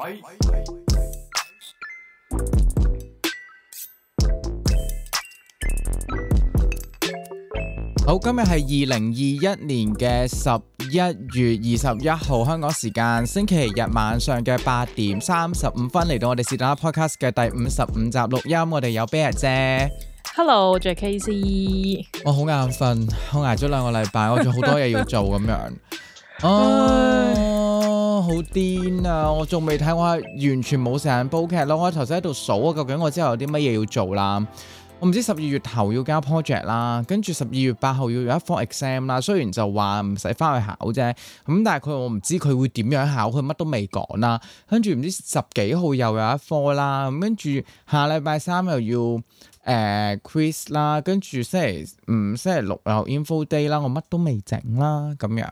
喂，好，今日係二零二一年嘅十一月二十一號香港時間星期日晚上嘅八點三十五分，嚟到我哋是達拉 Podcast 嘅第五十五集錄音。我哋有啤啫？Hello，KC，我好眼瞓，我挨咗兩個禮拜，我仲好多嘢 要做咁樣，唉、哎。好癲啊！我仲未睇過，我完全冇成日煲劇咯。我頭先喺度數啊，究竟我之後有啲乜嘢要做啦？我唔知十二月頭要交 project 啦，跟住十二月八號要有一科 exam 啦。雖然就話唔使翻去考啫，咁但係佢我唔知佢會點樣考，佢乜都未講啦。跟住唔知十幾號又有一科啦，咁跟住下禮拜三又要。誒、呃、Chris 啦，跟住星期五、嗯、星期六有 Info Day 啦，我乜都未整啦咁樣，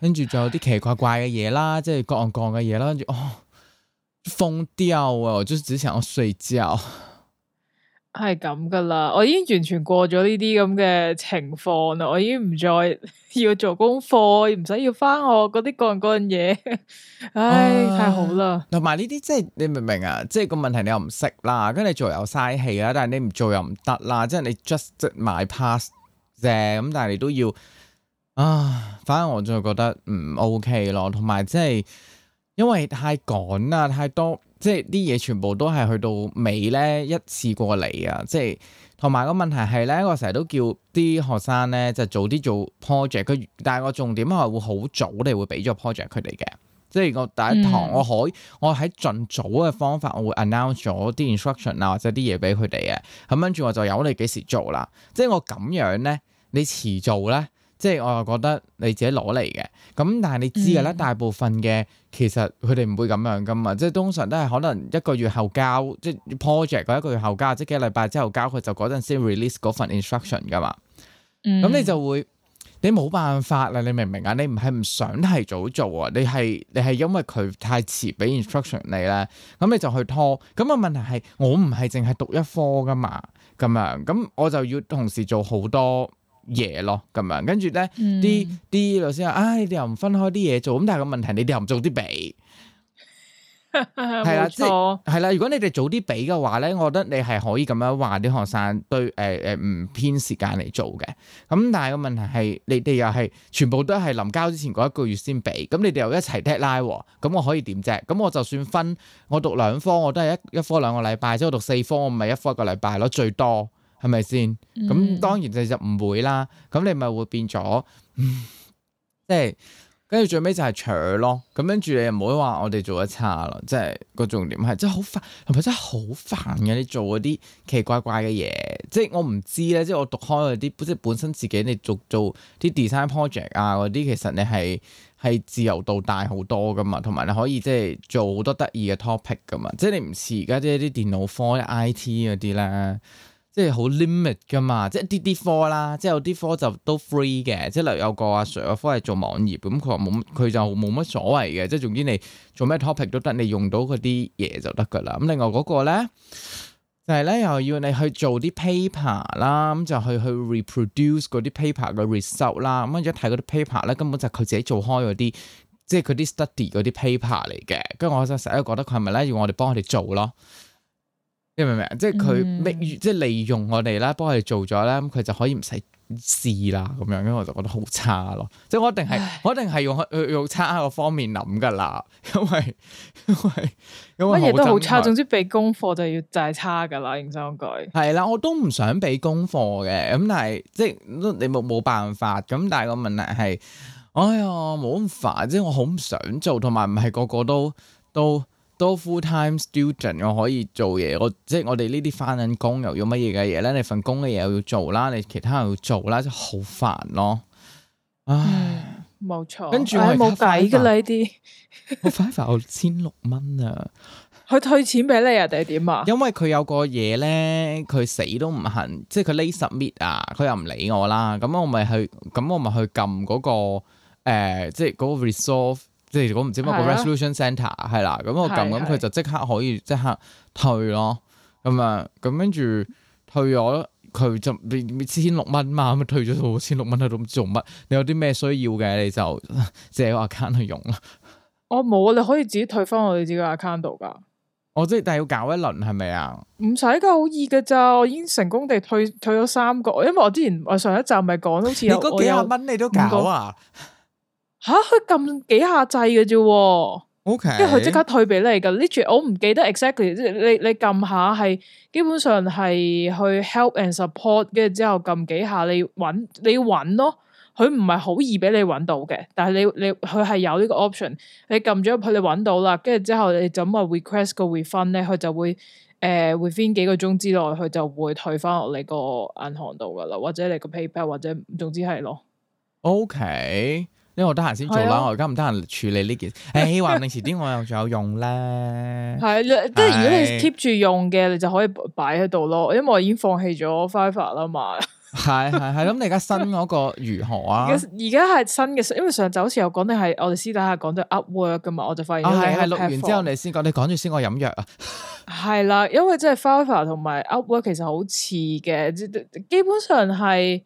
跟住仲有啲奇奇怪怪嘅嘢啦，即係各樣各樣嘅嘢啦，跟住哦瘋掉啊！我就只是只想要睡覺。 係咁噶啦，我已經完全過咗呢啲咁嘅情況啦，我已經唔再要做功課，唔使要翻我嗰啲干干嘢，唉，哎啊、太好啦！同埋呢啲即係你明唔明啊？即係個問題你又唔識啦，跟住你做又嘥氣啦，但係你唔做又唔得啦，即係你 just 即買 pass 啫，咁但係你都要啊，反正我就覺得唔 OK 咯，同埋即係因為太趕啦，太多。即係啲嘢全部都係去到尾咧一次過嚟啊！即係同埋個問題係咧，我成日都叫啲學生咧就早啲做 project。佢但係個重點係會好早，你會俾咗個 project 佢哋嘅。即係我第一堂我，我可我喺盡早嘅方法，我會 announce 咗啲 instruction 啊或者啲嘢俾佢哋嘅。咁跟住我就由你幾時做啦。即係我咁樣咧，你遲做咧。即係我又覺得你自己攞嚟嘅，咁但係你知㗎啦，嗯、大部分嘅其實佢哋唔會咁樣噶嘛，即係通常都係可能一個月後交，即係 project 嗰一個月後交，即係幾個禮拜之後交，佢就嗰陣先 release 嗰份 instruction 噶嘛。咁、嗯、你就會你冇辦法啦，你明唔明啊？你唔係唔想太早做啊？你係你係因為佢太遲俾 instruction 你咧，咁、嗯、你就去拖。咁、個問題係我唔係淨係讀一科噶嘛，咁樣咁我就要同時做好多。嘢咯咁樣，跟住咧，啲啲老師話，唉，你哋又唔分開啲嘢做，咁但係個問題，你哋又唔早啲俾，係啦，即係係啦。如果你哋早啲俾嘅話咧，我覺得你係可以咁樣話啲學生對誒誒唔編時間嚟做嘅。咁但係個問題係，你哋又係全部都係臨交之前嗰一個月先俾，咁你哋又一齊踢拉喎，咁我可以點啫？咁我就算分我讀兩科，我都係一一科兩個禮拜，即係我讀四科，我唔係一科一個禮拜咯，最多。係咪先？咁、嗯、當然就就唔會啦。咁你咪會變咗，即係跟住最尾就係搶咯。咁跟住你又唔好話我哋做得差咯。即係個重點係，即係好煩，係咪真係好煩嘅，啊？你做嗰啲奇怪怪嘅嘢，即係我唔知咧。即係我讀開嗰啲，即係本身自己你做做啲 design project 啊嗰啲，其實你係係自由度大好多噶嘛，同埋你可以即係做好多得意嘅 topic 噶嘛。即係你唔似而家即係啲電腦科、IT 嗰啲咧。即係好 limit 噶嘛，即係一啲啲科啦，即係有啲科就都 free 嘅，即係例如有個阿 Sir 個科係做網頁嘅，咁佢話冇，佢就冇乜所謂嘅，即係總之你做咩 topic 都得，你用到嗰啲嘢就得噶啦。咁另外嗰個咧就係、是、咧又要你去做啲 paper 啦，咁就去去 reproduce 嗰啲 paper 嘅 result 啦。咁一睇嗰啲 paper 咧，根本就係佢自己做開嗰啲，即係佢啲 study 嗰啲 paper 嚟嘅。跟住我就成日覺得佢係咪咧要我哋幫佢哋做咯？明唔明啊？即係佢利即係利用我哋啦，幫佢、嗯、做咗啦，佢就可以唔使試啦，咁樣，因為我就覺得好差咯。即係我一定係，唉我一定係用用，用差個方面諗噶啦，因為因為乜嘢都好差，總之俾功課就要就係差噶啦。認真句係啦，我都唔想俾功課嘅，咁但係即係你冇冇辦法。咁但係個問題係，哎呀，冇咁煩，即係我好唔想做，同埋唔係個個都都，都多 fulltime student，我可以做嘢，我即係我哋呢啲翻緊工又要乜嘢嘅嘢咧？你份工嘅嘢又要做啦，你其他又要做啦，真係好煩咯。唉 ，冇 錯， 跟住我冇計噶啦呢啲。哎、我快返我千六蚊啊！佢退錢俾你啊？定係點啊？因為佢有個嘢咧，佢死都唔肯，即係佢 limit 啊，佢又唔理我啦。咁我咪去，咁我咪去撳嗰、嗰個誒、呃，即係嗰個 resolve。即係如果唔知乜、啊、個 resolution centre e 係啦、啊，咁、嗯、我撳咁佢就即刻可以即刻退咯，咁啊咁跟住退咗佢就你千六蚊嘛，咁退咗到千六蚊都唔知做乜。你有啲咩需要嘅你就借個 account 去用啦。我冇、哦，你可以自己退翻我哋自己 account 度噶。我即係但係要搞一輪係咪啊？唔使噶，好易噶咋，我已經成功地退退咗三個。因為我之前我上一集咪講好似有，你幾廿蚊個，你都搞啊。吓佢撳幾下掣嘅啫，O K，即係佢即刻退俾你噶。literally 我唔記得 exactly，你你撳下係基本上係去 help and support，跟住之後撳幾下你揾你揾咯。佢唔係好易俾你揾到嘅，但係你你佢係有呢個 option，你撳咗佢你揾到啦。跟住之後你就咁話 request 個 refund 咧，佢就會誒、呃、within 幾個鐘之內佢就會退翻落你個銀行度噶啦，或者你個 paypal 或者總之係咯，O K。Okay. 因為我得閒先做啦，啊、我而家唔得閒處理呢件事。誒、欸，話定遲啲我又仲有用咧。係 是，是即係如果你 keep 住用嘅，你就可以擺喺度咯。因為我已經放棄咗 Fiverr 啦嘛。係係係，咁你而家新嗰個如何啊？而家係新嘅，因為上早時又講定係我哋私底下講對 Upwork 噶嘛，我就發現啊。啊係係，錄完之後你先講， 你講住先，我飲藥啊。係 啦，因為即係 Fiverr 同埋 Upwork 其實好似嘅，基本上係。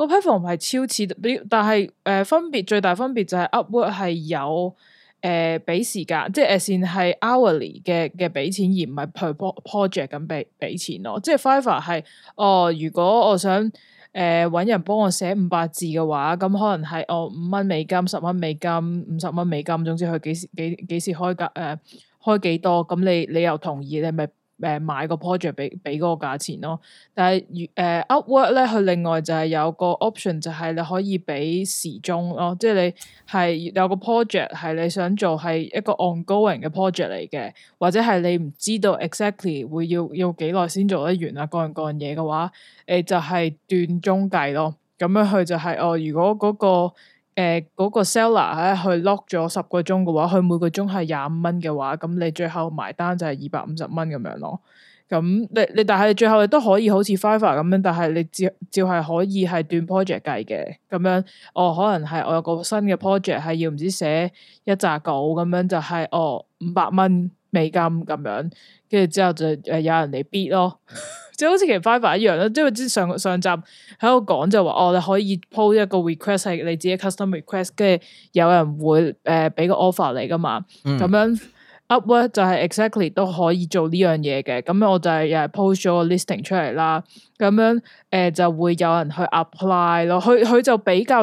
個 platform 係超似，但係誒、呃、分別最大分別就係 Upwork 係有誒俾、呃、時間，即係線係 hourly 嘅嘅俾錢，而唔係 project 咁俾俾錢咯。即係 Fiverr 係哦，如果我想誒揾、呃、人幫我寫五百字嘅話，咁可能係哦，五蚊美金、十蚊美金、五十蚊美金，總之佢幾時幾幾時開價誒、呃、開幾多，咁你你又同意咧咪？你是誒、呃、買個 project 俾俾嗰個價錢咯，但係誒 Upwork 咧，佢、呃、另外就係有個 option 就係你可以俾時鐘咯，即係你係有個 project 係你想做係一個 ongoing 嘅 project 嚟嘅，或者係你唔知道 exactly 會要要幾耐先做得完啊，各樣各樣嘢嘅話，誒、呃、就係、是、段鐘計咯，咁樣佢就係、是、哦、呃，如果嗰、那個誒，嗰、呃、那個 seller 咧、啊、去 lock 咗十個鐘嘅話，佢每個鐘係廿五蚊嘅話，咁你最後埋單就係二百五十蚊咁樣咯。咁你你但係最後你都可以好似 Fiverr 咁樣，但係你照照係可以係斷 project 計嘅。咁樣，哦，可能係我有個新嘅 project 係要唔知寫一紮稿咁樣，就係、是、哦五百蚊美金咁樣，跟住之後就誒有人嚟 bid 咯。 就好似其實 Fiverr 一樣啦，因為之前上上集喺度講就話哦，你可以 post 一個 request 係你自己 custom request，跟住有人會誒俾、呃、個 offer 你噶嘛，咁、嗯、樣 Upwork 就係 exactly 都可以做呢樣嘢嘅，咁樣我就係又係 post 咗個 listing 出嚟啦，咁樣誒、呃、就會有人去 apply 咯，佢佢就比較。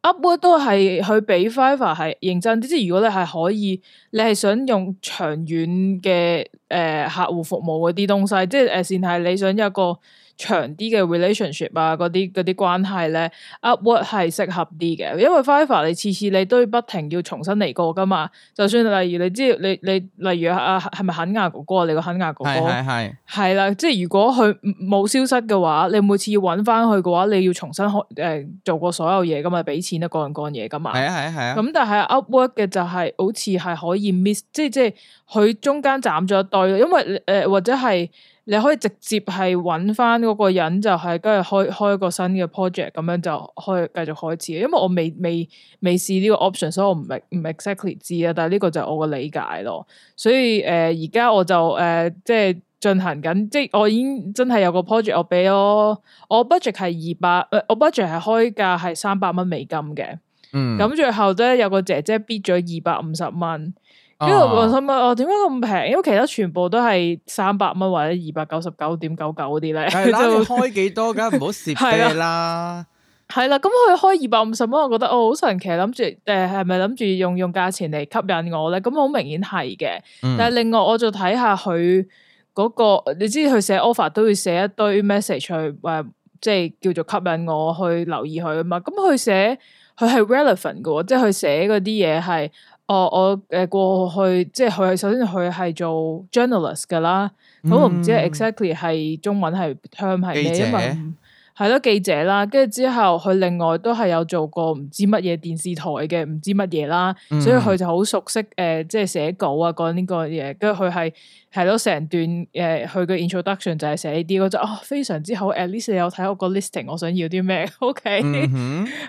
一般都係去俾 Fiverr 係認真啲，即係如果你係可以，你係想用長遠嘅誒、呃、客戶服務嗰啲東西，即係誒、呃、先係你想有一個。長啲嘅 relationship 啊，嗰啲啲關係咧 Upwork 係適合啲嘅，因為 Fiverr 你次次你都不停要重新嚟過噶嘛。就算例如你知你你，例如啊啊，係咪肯亞哥哥啊？你個肯亞哥哥係係啦，即係如果佢冇消失嘅話，你每次要揾翻佢嘅話，你要重新開誒做過所有嘢噶嘛，俾錢啊人乾嘢噶嘛。係啊係啊係啊。咁但係 Upwork 嘅就係、是、好似係可以 miss，即係即係佢中間斬咗一堆，因為誒、呃、或者係。你可以直接係揾翻嗰個人，就係跟住開開一個新嘅 project 咁樣就開繼續開始。因為我未未未試呢個 option，所以我唔係唔 exactly 知啊。但係呢個就係我嘅理解咯。所以誒，而家我就誒即係進行緊，即係我已經真係有個 project。我俾咗我 budget 係二百，誒我 budget 係開價係三百蚊美金嘅。嗯，咁最後咧有個姐姐 bid 咗二百五十蚊。因為我心問，我點解咁平？因為其他全部都係三百蚊或者二百九十九點九九嗰啲咧。咁的 會你開幾多，梗係唔好蝕底啦。係啦，係啦，咁佢開二百五十蚊，我覺得哦好神奇，諗住誒係咪諗住用用價錢嚟吸引我咧？咁好明顯係嘅。嗯、但係另外，我就睇下佢嗰個，你知佢寫 offer 都會寫一堆 message 去誒、呃，即係叫做吸引我去留意佢啊嘛。咁佢寫佢係 relevant 嘅，即係佢寫嗰啲嘢係。哦、我我誒、呃、過去即係佢首先佢係做 journalist 嘅啦，咁、嗯、我唔知 exactly 係中文係咩？記者。因為係咯，記者啦，跟住之後佢另外都係有做過唔知乜嘢電視台嘅唔知乜嘢啦，mm hmm. 所以佢就好熟悉誒，即係寫稿啊講呢個嘢，跟住佢係係咯成段誒，佢、呃、嘅 introduction 就係寫呢啲，我就啊、哦、非常之好，at least、mm hmm. 你有睇我個 listing，我想要啲咩，OK，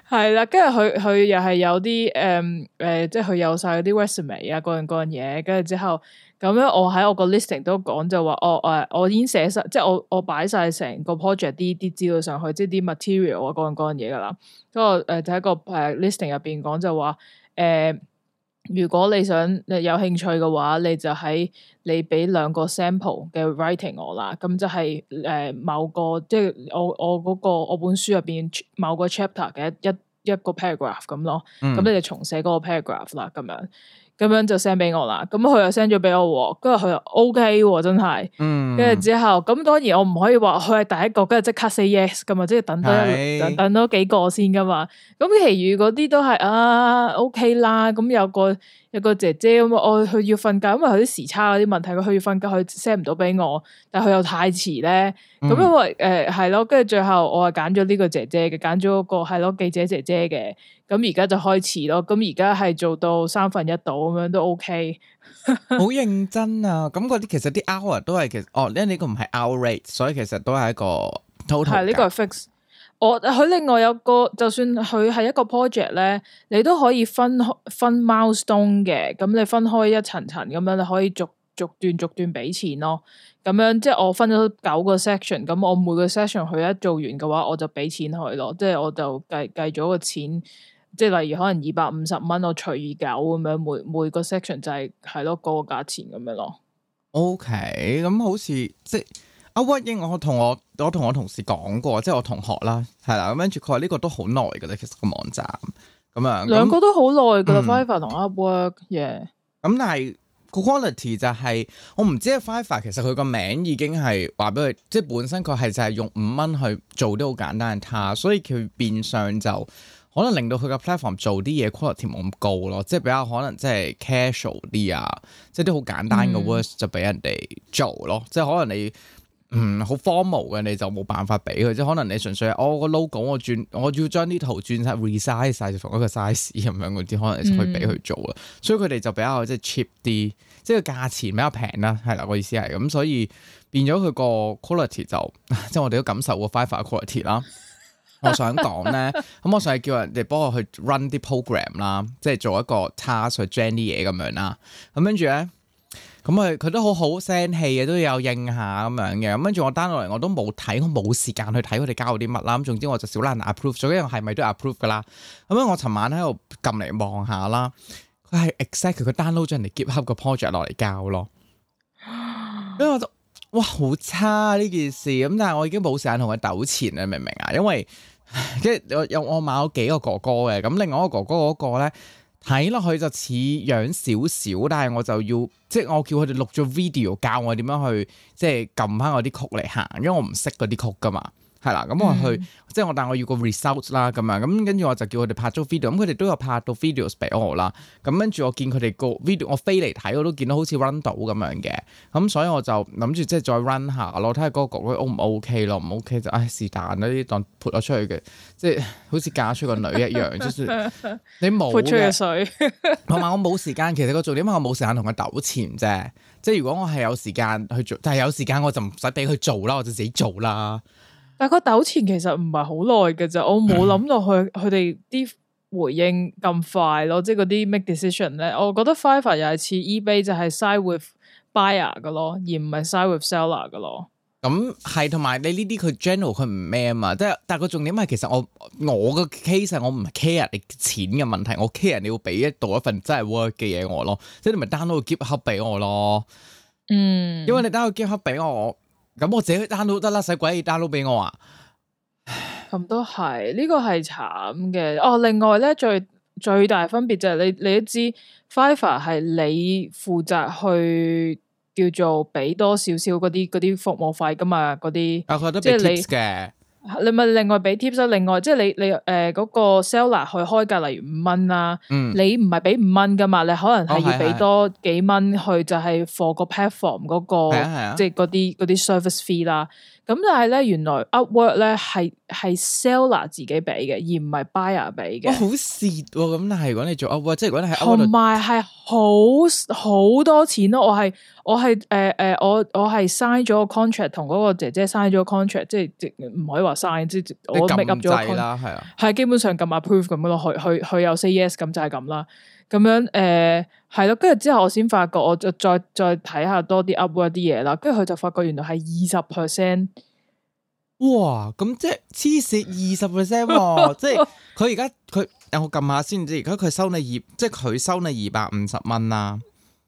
係啦、mm，跟住佢佢又係有啲誒誒，即係佢有晒嗰啲 resume 啊，嗰樣嗰樣嘢，跟住之後。咁樣我喺我個 listing 都講就話我誒我已經寫晒，即係我我擺晒成個 project 啲啲資料上去，即係啲 material 啊嗰樣嗰樣嘢噶啦。咁我就喺呃個誒 listing 入邊講就話誒，如果你想你有興趣嘅話，你就喺你俾兩個 sample 嘅 writing 我啦。咁就係誒某個即係我我嗰個我本書入邊某個 chapter 嘅一一,一個 paragraph 咁咯。咁、嗯、你哋重寫嗰個 paragraph 啦，咁樣。咁樣就 send 俾我啦，咁佢又 send 咗俾我，跟住佢又 OK 喎，真係，跟住之後咁當然我唔可以話佢係第一個，跟住即刻 say yes 噶嘛，即係等多一是等等多幾個先噶嘛，咁其餘嗰啲都係啊 OK 啦，咁有個有個姐姐咁啊，我佢要瞓覺，因為佢啲時差嗰啲問題，佢要瞓覺，佢 send 唔到俾我，但佢又太遲咧，咁因為誒係咯，跟住、呃、最後我係揀咗呢個姐姐嘅，揀咗個係咯記者姐姐嘅。咁而家就開始咯，咁而家係做到三分一到咁樣都 OK， 好認真啊！咁嗰啲其實啲 hour 都係其實，哦呢呢個唔係 hour rate，所以其實都係一個 total。係呢、呢個 fix，我佢另外有個，就算佢係一個 project 咧，你都可以分分 milestone 嘅，咁你分開一層層咁樣，你可以逐逐段逐段俾錢咯。咁樣即係我分咗九個 section，咁我每個 section 佢一做完嘅話，我就俾錢佢咯。即係我就計計咗個錢。即係例如可能二百五十蚊我隨意搞咁樣每每個 section 就係係咯嗰個價錢咁樣咯。OK，咁好似即係阿屈英，我同我我同我同事講過，即係我同學啦，係啦。咁跟住佢話呢個都好耐噶啦，其實個網站咁啊，兩、嗯、個都好耐噶啦 Fiverr 同 Upwork。耶咁、嗯 yeah 嗯嗯、但係 quality 就係、是、我唔知啊。Fiverr 其實佢個名已經係話俾佢，即係本身佢係就係用五蚊去做啲好簡單嘅 task，所以佢變相就。可能令到佢嘅 platform 做啲嘢 quality 冇咁高咯，即係比較可能、嗯、即係 casual 啲啊，即係啲好簡單嘅 words 就俾人哋做咯，即係可能你嗯好 formal 嘅你就冇辦法俾佢，即係可能你純粹、哦、我個 logo 我轉我要將啲圖轉曬 resize 曬同一個 size 咁樣嗰啲，可能你就去俾佢做啦，嗯、所以佢哋就比較即係 cheap 啲，即係個價錢比較平啦，係啦，我意思係咁，所以變咗佢個 quality 就即係我哋都感受過 Fiverr quality 啦。 我想講咧，咁我想係叫人哋幫我去 run 啲 program 啦，即係做一個 task 去 join 啲嘢咁樣啦，咁跟住咧，咁佢佢都好好聲氣嘅，都有應下咁樣嘅，咁跟住我 download 嚟我都冇睇，我冇時間去睇佢哋教我啲乜啦，咁總之我就少難 approve 咗，因為我係咪都 approve 噶啦，咁我尋晚喺度撳嚟望下啦，佢係 exact 佢 download 咗人哋 GitHub 個 project 落嚟教咯，咁我。哇，好差啊，呢件事咁，但係我已經冇時間同佢糾纏啦，明唔明啊？因為跟住又我買咗幾個哥哥嘅，咁另外一個哥哥嗰個咧睇落去就似樣少少，但係我就要即係我叫佢哋錄咗 video 教我點樣去即係撳翻我啲曲嚟行，因為我唔識嗰啲曲噶嘛。係啦，咁我去，嗯、即係我但我要個 result 啦，咁樣，咁跟住我就叫佢哋拍咗 video，咁佢哋都有拍到 video 俾我啦。咁跟住我見佢哋個 video，我飛嚟睇，我都見到好似 run 到咁樣嘅，咁所以我就諗住即係再 run 下咯，睇下嗰個角度 O 唔 OK 咯，唔 OK 就唉是但啦，啲當潑咗出去嘅，即係好似嫁出個女一樣，即係 你冇 潑出嘅了水。同埋我冇時間，其實個重點係我冇時間同佢糾纏啫。即係如果我係有時間去做，但係有時間我就唔使俾佢做啦，我就自己做啦。但個糾纏其實唔係好耐嘅咋，我冇諗到佢佢哋啲回應咁快咯，嗯、即係嗰啲 make decision 咧。我覺得 Five 有次 EBay 就係 side with buyer 嘅咯，而唔係 side with seller 嘅咯。咁係同埋你呢啲佢 general 佢唔咩啊嘛？即係但係個重點係其實我我嘅 case 我唔 care 你錢嘅問題，我 care 你要俾一道一份真係 work 嘅嘢我咯，即係你咪 download 個 g i 結合俾我咯。嗯，因為你 download 結合俾我。咁我自己 download 得啦，使鬼你 download 俾我啊！咁都係呢個係慘嘅。哦，另外咧，最最大分別就係你你都知 Fiverr 係你負責去叫做俾多少少嗰啲嗰啲服務費噶嘛，嗰啲啊，佢都俾你嘅。你咪另外俾 tips 另外即係，你你誒嗰、呃嗰個 seller 去開價，例如五蚊啦，嗯、你唔係俾五蚊噶嘛，你可能係要俾多幾蚊去就係，for 個 platform 嗰、嗰個，哦啊啊啊、即係嗰啲啲 service fee 啦、啊。咁但係咧，原來 Upwork 咧係係 seller 自己俾嘅，而唔係 buyer 俾嘅。好蝕喎，咁但係如果你做 Upwork，即係如果你喺同埋係好好多錢咯。我係我係誒誒，我、呃、我係 sign 咗個 contract 同嗰個姐姐 sign 咗個 contract，即係唔可以話 sign< 是>，即係我 m a 咗啦，係啊，係基本上撳 approve 咁咯，佢去，佢有 say yes 咁就係咁啦。咁樣誒，係、呃、咯，跟住之後我先發覺，我就再再睇下多啲 Upwork 啲嘢啦。跟住佢就發覺，原來係二十 percent，哇！咁即係黐線，二十 percent，即係佢而家佢等我撳下先知。而家佢收你二，即係佢收你二百五十蚊啦。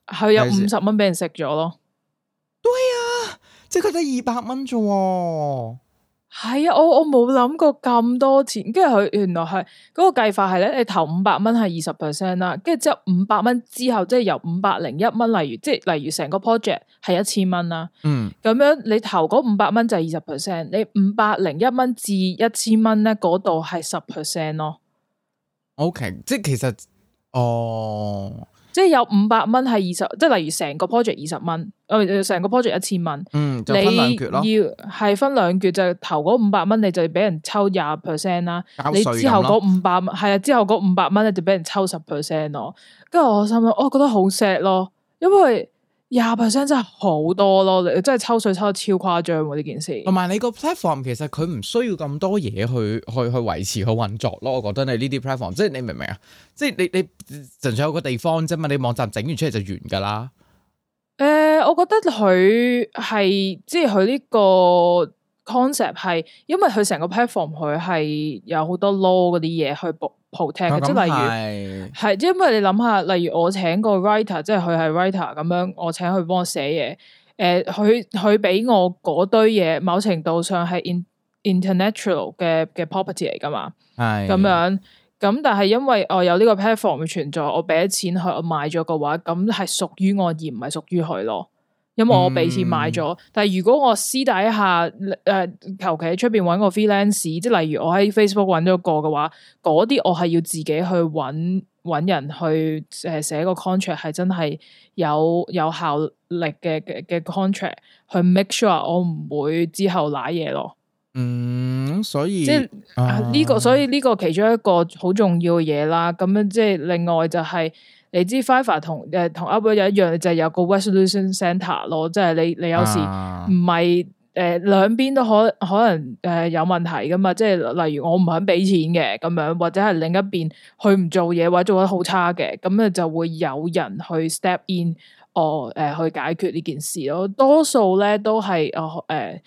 係有五十蚊俾人食咗咯。對啊，即係佢得二百蚊啫。係啊，我我冇諗過咁多錢，跟住佢原來係嗰個計法係咧，你投五百蚊係二十 percent 啦，跟住之後五百蚊之後即係由五百零一蚊，例如即係例如成個 project 係一千蚊啦，嗯，咁樣你投嗰五百蚊就係二十 percent，你五百零一蚊至一千蚊咧嗰度係十 percent 咯。OK，即係其實哦。即係有五百蚊係二十，即係例如成個 project 二十蚊，誒、呃、成個 project 一千蚊，嗯，就分兩橛咯，你要係分兩橛就頭嗰五百蚊，你就俾人抽廿 percent 啦，你之後嗰五百，蚊、啊，係啊之後嗰五百蚊咧就俾人抽十 percent 咯，跟住我心諗，我覺得好 sad 咯，因為。廿 percent 真係好多咯，你真係抽水抽得超誇張喎！呢件事，同埋你個 platform 其實佢唔需要咁多嘢去去維持去維持去運作咯，我覺得你呢啲 platform，即係你明唔明啊？即係你你純粹有個地方啫嘛，你網站整完出嚟就完噶啦。誒、呃，我覺得佢係即係佢呢個 concept 係，因為佢成個 platform 佢係有好多 law 嗰啲嘢去 p r o 即係例如係是，因為你諗下，例如我請個 writer，即係佢係 writer 咁樣，我請佢幫我寫嘢。誒、呃，佢佢俾我嗰堆嘢，某程度上係 in international 嘅嘅 property 嚟噶嘛？係咁是樣，咁但係因為我有呢個 platform 存在，我俾咗錢佢，我買咗嘅話，咁係屬於我而唔係屬於佢咯。因為我俾錢買咗，嗯、但係如果我私底下誒求其喺出邊揾個 freelancer 即係例如我喺 Facebook 揾咗個嘅話，嗰啲我係要自己去揾揾人去誒寫個 contract，係真係有有效力嘅嘅 contract 去 make sure 我唔會之後賴嘢咯。嗯，所以即係是呢、啊啊呢個，所以呢個其中一個好重要嘅嘢啦。咁樣即係另外就係、是。你知 Fiverr 同誒同 Upwork 有一樣，就係、是、有個 Resolution Center 咯，即係你你有時唔係誒兩邊都可可能誒、呃、有問題噶嘛，即係例如我唔肯俾錢嘅咁樣，或者係另一邊佢唔做嘢或者做得好差嘅，咁咧就會有人去 step in 我、呃、誒、呃呃、去解決呢件事咯，多數咧都係哦誒。呃呃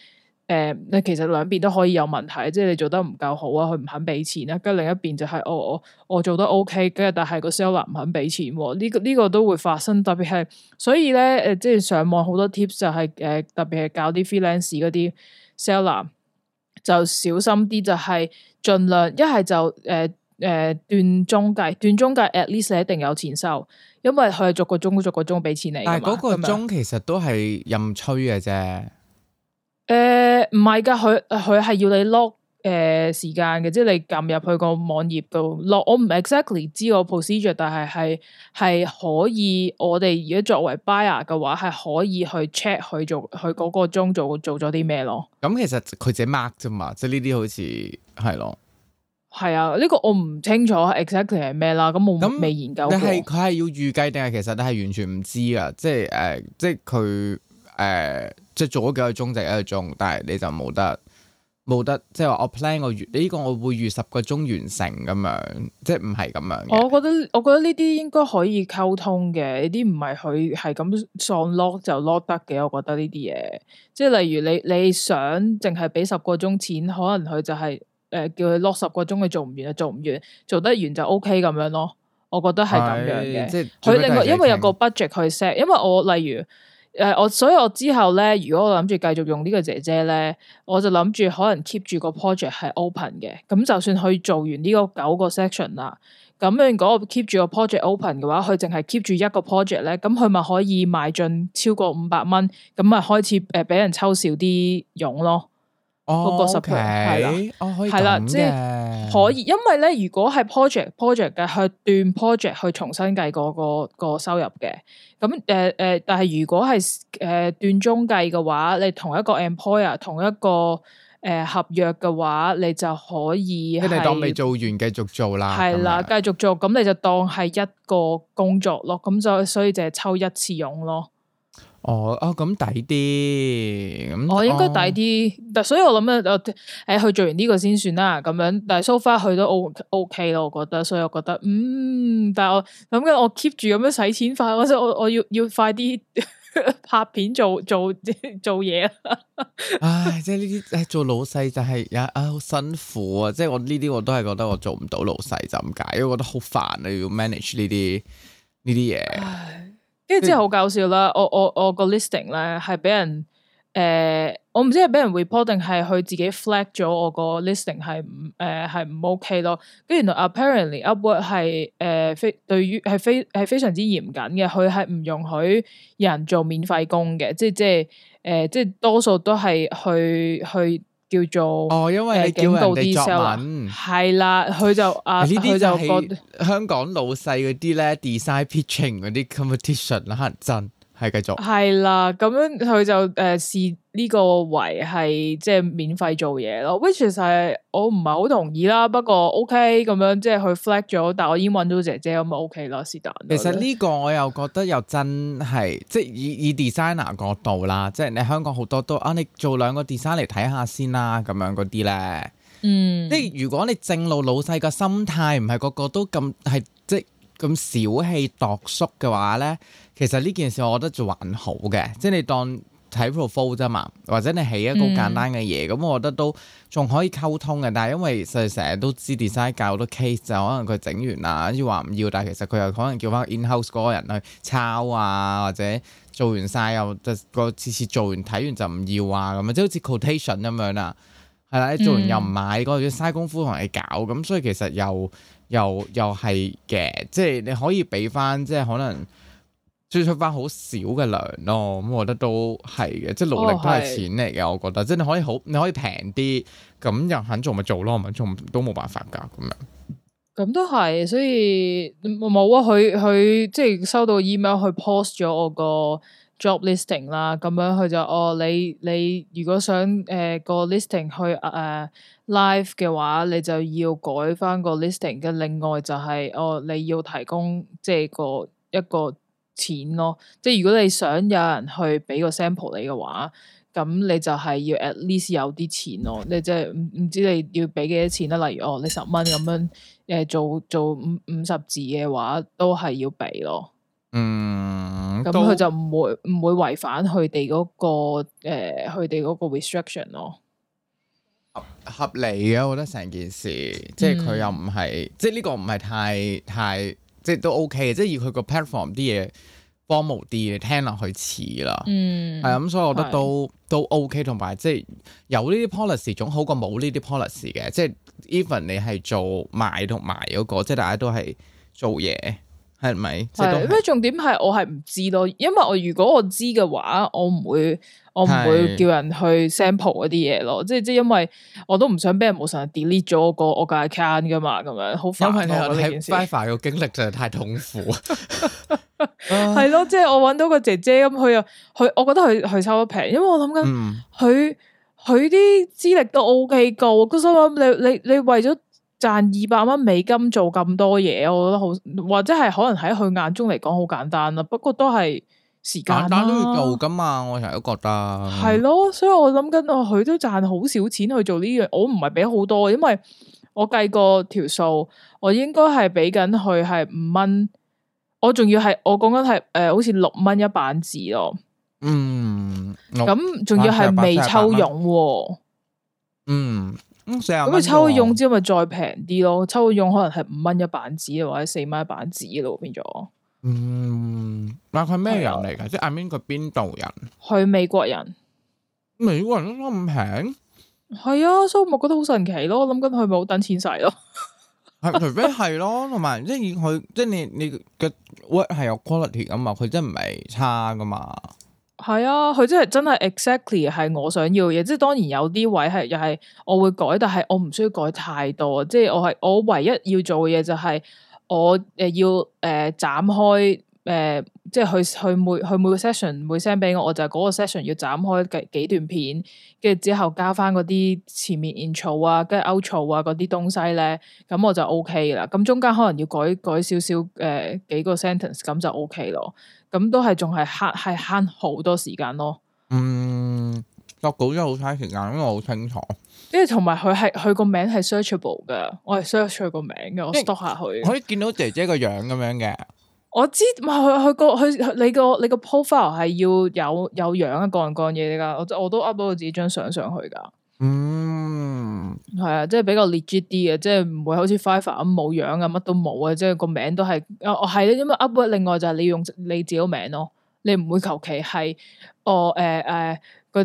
誒，你其實兩邊都可以有問題，即係你做得唔夠好啊，佢唔肯俾錢啦。跟住另一邊就係、是哦、我我我做得 OK，跟住但係個 seller 唔肯俾錢，呢、這個呢、這個都會發生特別。特別係所以咧，誒，即係上網好多 tips 就係，誒，特別係搞啲 freelance 嗰啲 seller 就小心啲，就係、是、盡量一係就誒誒斷中介，斷中介 at least 一定有錢收，因為佢係逐個鐘逐個鐘俾錢你。但係嗰個鐘其實都係任吹嘅啫。誒，唔係噶，佢佢係要你 log 誒、呃、時間嘅，即係你撳入去個網頁度 log。我唔 exactly 知個 procedure，但係係係可以，我哋如果作為 buyer 嘅話，係可以去 check 佢做佢嗰個鐘做做咗啲咩咯。咁其實佢只 mark 啫嘛，即係呢啲好似係咯。係啊，呢、這個我唔清楚 exactly 係咩啦。咁我未那研究過。你係佢係要預計定係其實你係完全唔知啊？即係誒、呃，即係佢誒。呃呃即係做咗幾個鐘，就一個鐘，但係你就冇得冇得，即係話我 plan 個月，呢個我會預十個鐘完成咁樣，即係唔係咁樣我。我覺得我覺得呢啲應該可以溝通嘅，呢啲唔係佢係咁上落就落得嘅。我覺得呢啲嘢，即係例如你你想淨係俾十個鐘錢，可能佢就係、是、誒、呃、叫佢 lock 十個鐘，佢做唔完就做唔完，做得完就 OK 咁樣咯。我覺得係咁樣嘅，即係佢另外因爲有個 budget 去 set。因爲我例如。誒，我所以我之後咧，如果我諗住繼續用呢個姐姐咧，我就諗住可能 keep 住個 project 係 open 嘅，咁就算去做完呢個九個 section 啦。咁樣如果我 keep 住個 project open 嘅話，佢淨係 keep 住一個 project 咧，咁佢咪可以賣進超過五百蚊，咁咪開始誒俾、呃、人抽少啲佣咯。嗰個 s 係啦、oh, okay. 了，係啦、oh,，即係、就是、可以，因為咧，如果係 pro project project 嘅係斷 project 去重新計嗰個個收入嘅，咁誒誒，但係如果係誒斷中計嘅話，你同一個 employer 同一個誒、呃、合約嘅話，你就可以你哋當未做完，繼續做啦，係啦了，繼續做，咁你就當係一個工作咯，咁就所以就係抽一次佣咯。哦，啊咁抵啲，咁、嗯、我應該抵啲，但、哦、所以我諗咧，我、欸、誒去做完呢個先算啦，咁樣，但係 so far 去都 O，O K 咯，我覺得，所以我覺得，嗯，但係我諗緊，我 keep 住咁樣使錢快，我我我要要快啲拍片做做做嘢。做唉，即係呢啲，做老細就係、是、啊啊好辛苦啊，即、就、係、是、我呢啲我都係覺得我做唔到老細就咁、是、解，因為我覺得好煩啊，要 manage 呢啲呢啲嘢。跟住真係好搞笑啦！我我我個 listing 咧係俾人誒，我唔、呃、知係俾人 report 定係佢自己 flag 咗我個 listing 係唔誒、呃、係唔 OK 咯。跟住原來 apparently Upwork 係誒非對於係非係非常之嚴謹嘅，佢係唔容許人做免費工嘅，即係即係誒、呃、即係多數都係去去。去叫做哦，因為你叫警告 人哋作文係啦，佢就啊，呢啲 就喺、啊、香港老細嗰啲咧，design pitching 嗰啲 competition 啦，限真。係繼續係啦，咁樣佢就誒試呢個為係即係免費做嘢咯。which 就係我唔係好同意啦，不過 OK 咁樣即係佢 flag 咗，但我已經揾到姐姐咁咪 OK 咯，是但。其實呢個我又覺得又真係，即係以以 designer 角度啦，即係你香港好多都啊，你做兩個 design 嚟睇下先啦，咁樣嗰啲咧，嗯，即係如果你正路老細嘅心態唔係個個都咁係即係咁小氣度縮嘅話咧。其實呢件事我覺得就還，還好嘅，即係你當睇 proposal 啫嘛，或者你起一個好簡單嘅嘢，咁、嗯、我覺得都仲可以溝通嘅。但係因為成日都知 design 教好多 case 就可能佢整完啊，跟住話唔要，但係其實佢又可能叫翻 in-house 嗰個人去抄啊，或者做完晒又個次次做完睇完就唔要啊咁樣，即係好似 quotation 咁樣啦，係啦，你做完又唔買，嗰個嘥功夫同你搞，咁、嗯、所以其實又又又係嘅，即係你可以俾翻即係可能。輸出翻好少嘅量咯，咁我覺得都係嘅，即係努力都係錢嚟嘅，哦、我覺得，即係你可以好，你可以平啲，咁又肯做咪做咯，咪做都冇辦法㗎咁樣，咁都係，所以冇啊，佢佢即係收到 email，佢 post 咗我個 job listing 啦，咁樣佢就哦，你你如果想誒個、呃、listing 去誒、呃、live 嘅話，你就要改翻個 listing 嘅。另外就係、是、哦，你要提供即係個一個。一個錢咯，即係如果你想有人去俾個 sample 你嘅話，咁你就係要 at least 有啲錢咯。你即係唔唔知你要俾幾多錢啦、啊？例如哦，你十蚊咁樣誒做做五五十字嘅話，都係要俾咯。嗯，咁佢就唔會唔到會違反佢哋嗰個誒佢哋嗰個 restriction 咯。合理嘅，我覺得成件事，即係佢又唔係，嗯、即係呢個唔係太太。太即係都 OK 嘅，即係以佢個 platform 啲嘢 formal 幫忙啲，嘢聽落去似啦，係咁、嗯，所以我覺得都的都 OK，同埋即係有呢啲 policy 總好過冇呢啲 policy 嘅。即係 even 你係做賣同買嗰、嗰個，即係大家都係做嘢。係咪？係咩，重點係我係唔知咯，因為我如果我知嘅話，我唔會我唔會叫人去 sample 嗰啲嘢咯，即係即係因為我都唔想俾人無神 delete 咗個我個，account 噶嘛，咁樣好煩。睇 Fiverr 嘅經歷就係太痛苦，係咯，即係我揾到個姐姐咁，佢又佢，我覺得佢佢收得平，因為我諗緊佢佢啲資歷都 O K 夠，佢所以想你你你，你，你為咗。賺二百蚊美金做咁多嘢，我覺得好，或者係可能喺佢眼中嚟講好簡單啦。不過都係時間，啊。簡單，單都要做㗎嘛。我成日都覺得。係咯，所以我諗緊，我、哦、佢都賺好少錢去做呢樣。我唔係俾好多，因為我計過條數，我應該係俾緊佢係五蚊。我仲要係我講緊係誒，好似六蚊一版紙咯。嗯。咁仲要係未抽佣。嗯。咁四抽到用之後咪再平啲咯，抽到用可能係五蚊一板紙或者四蚊一板紙咯，變咗。嗯，但佢咩人嚟噶？ 即係阿 Min 佢邊度人？係美國人。美國人都咁平？係 啊，所以我覺得好神奇咯。我諗緊佢咪好等錢使咯。係 除非係咯，同埋即係佢，即係你你嘅 work 係有 quality 噶嘛？佢真係唔係差噶嘛？係啊，佢真係真係 exactly 係我想要嘅嘢，即係當然有啲位係又係我會改，但係我唔需要改太多。即係我係我唯一要做嘅嘢就係我誒要誒斬、呃、開誒、呃，即係佢佢每佢每個 session 每 send 俾我，我就係嗰個 session 要斬開幾段片，跟住之後加翻嗰啲前面 intro 啊，跟住 outro 啊嗰啲東西咧，咁我就 OK 啦。咁中間可能要改改少少誒幾個 sentence，咁就 OK 咯。咁都係仲係慳係慳好多時間咯。嗯，索稿真係好嘥時間，因為我好清楚。跟住同埋佢係佢個名係 searchable 噶，我係 search 佢個名嘅，即我 stop 下佢。可以見到姐姐個樣咁樣嘅。我知，佢佢個佢你個你個 profile 係要有有樣啊，人干嘢依我我都 upload 到自己張相上去噶。嗯，係啊、mm hmm.，即係比較 legit 啲啊，即係唔會好似 Fiverr 咁冇樣啊，乜都冇啊，即係個名都係哦，係咧，因為 Upwork 另外就係你用你自己名咯，你唔會求其係哦，誒誒嗰啲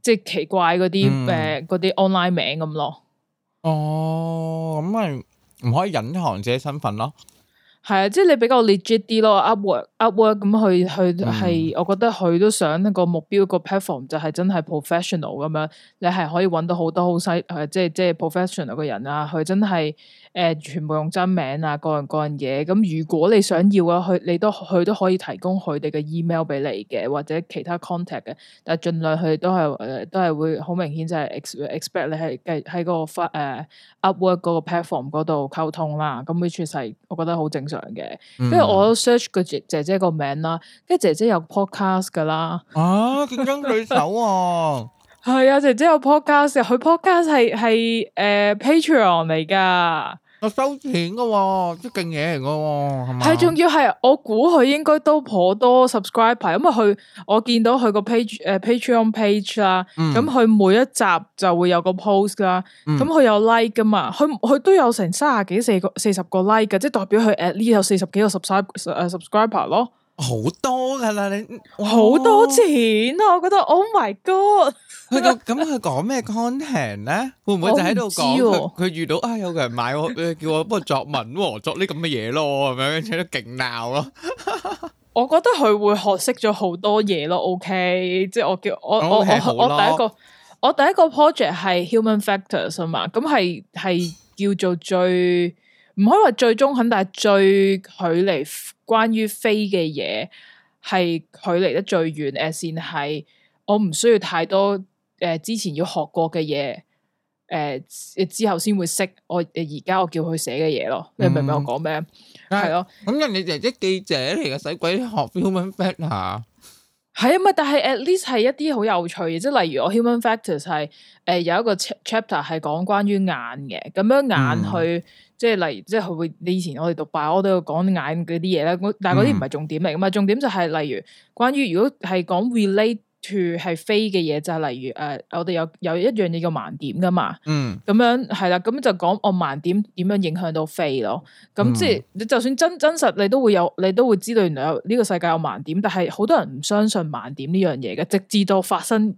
即係奇怪嗰啲誒嗰啲 online 名咁咯。哦，咁咪唔可以隱藏自己身份咯。係啊，即係你比較 legit 啲咯。Upwork Upwork 咁佢佢係，我覺得佢都想一個目標、那個 platform 就係真係 professional 咁樣，你係可以搵到好多好犀、誒，即係即係 professional 嘅人啊，佢真係誒、呃、全部用真名啊，各樣各樣嘢。咁、嗯、如果你想要啊，佢你都佢都可以提供佢哋嘅 email 俾你嘅，或者其他 contact 嘅。但係儘量佢都係誒，都係會好明顯就係 ex, expect 你係喺喺個發、呃、Upwork 個 platform 嗰度溝通啦。咁 which is 我覺得好正常嘅、嗯哼。因為我都 search 個姐姐個名啦，跟住姐姐有 podcast 噶啦。啊，競爭對手啊！係 啊，姐姐有 podcast，佢 podcast 係係誒、呃、Patreon 嚟㗎。我收錢噶，即係勁嘢嚟噶，係嘛？係仲要係，我估佢應該都頗多 subscriber，因為佢我見到佢個 page 誒 Patreon page 啦，咁佢每一集就會有個 post 啦、嗯，咁佢有 like 噶嘛，佢佢都有成卅幾四個四十個 like 嘅，即係代表佢 at 呢度四十幾個 subscribe 誒 subscriber 咯。好多噶啦，你好多錢啊！我覺得 Oh my God，佢咁咁，佢講咩 content 咧？會唔會就喺度講佢遇到啊？有個人買我，叫我幫作文，作呢咁嘅嘢咯，係咪？整得勁鬧咯。我覺得佢會學識咗好多嘢咯。OK，即係我叫我我我我第一個我第一個 project 係 human factors 啊嘛，咁係係叫做最唔可以話最中肯，但係最距離。關於飛嘅嘢係佢離得最遠，誒，先係我唔需要太多誒、呃，之前要學過嘅嘢，誒、呃，之後先會識我。而家我叫佢寫嘅嘢咯，嗯、你明唔明我講咩？係但是咯，咁人哋姐姐記者嚟嘅，使鬼學 human factor？係啊，咪但係 at least 係一啲好有趣，嘅，即係例如我 human factors 係誒、呃、有一個 chapter 係講關於眼嘅，咁樣眼去。嗯即係例如，即係佢會，你以前我哋讀拜，我都有講眼啲嘢咧。但係嗰啲唔係重點嚟，咁啊、嗯、重點就係例如，關於如果係講 relate to 係飛嘅嘢，就係、是、例如誒、呃，我哋有有一樣嘢叫盲點噶嘛。嗯，咁樣係啦，咁就講我盲點點樣影響到飛咯。咁即係你就算真真實，你都會有，你都會知道原來有呢、這個世界有盲點。但係好多人唔相信盲點呢樣嘢嘅，直至到發生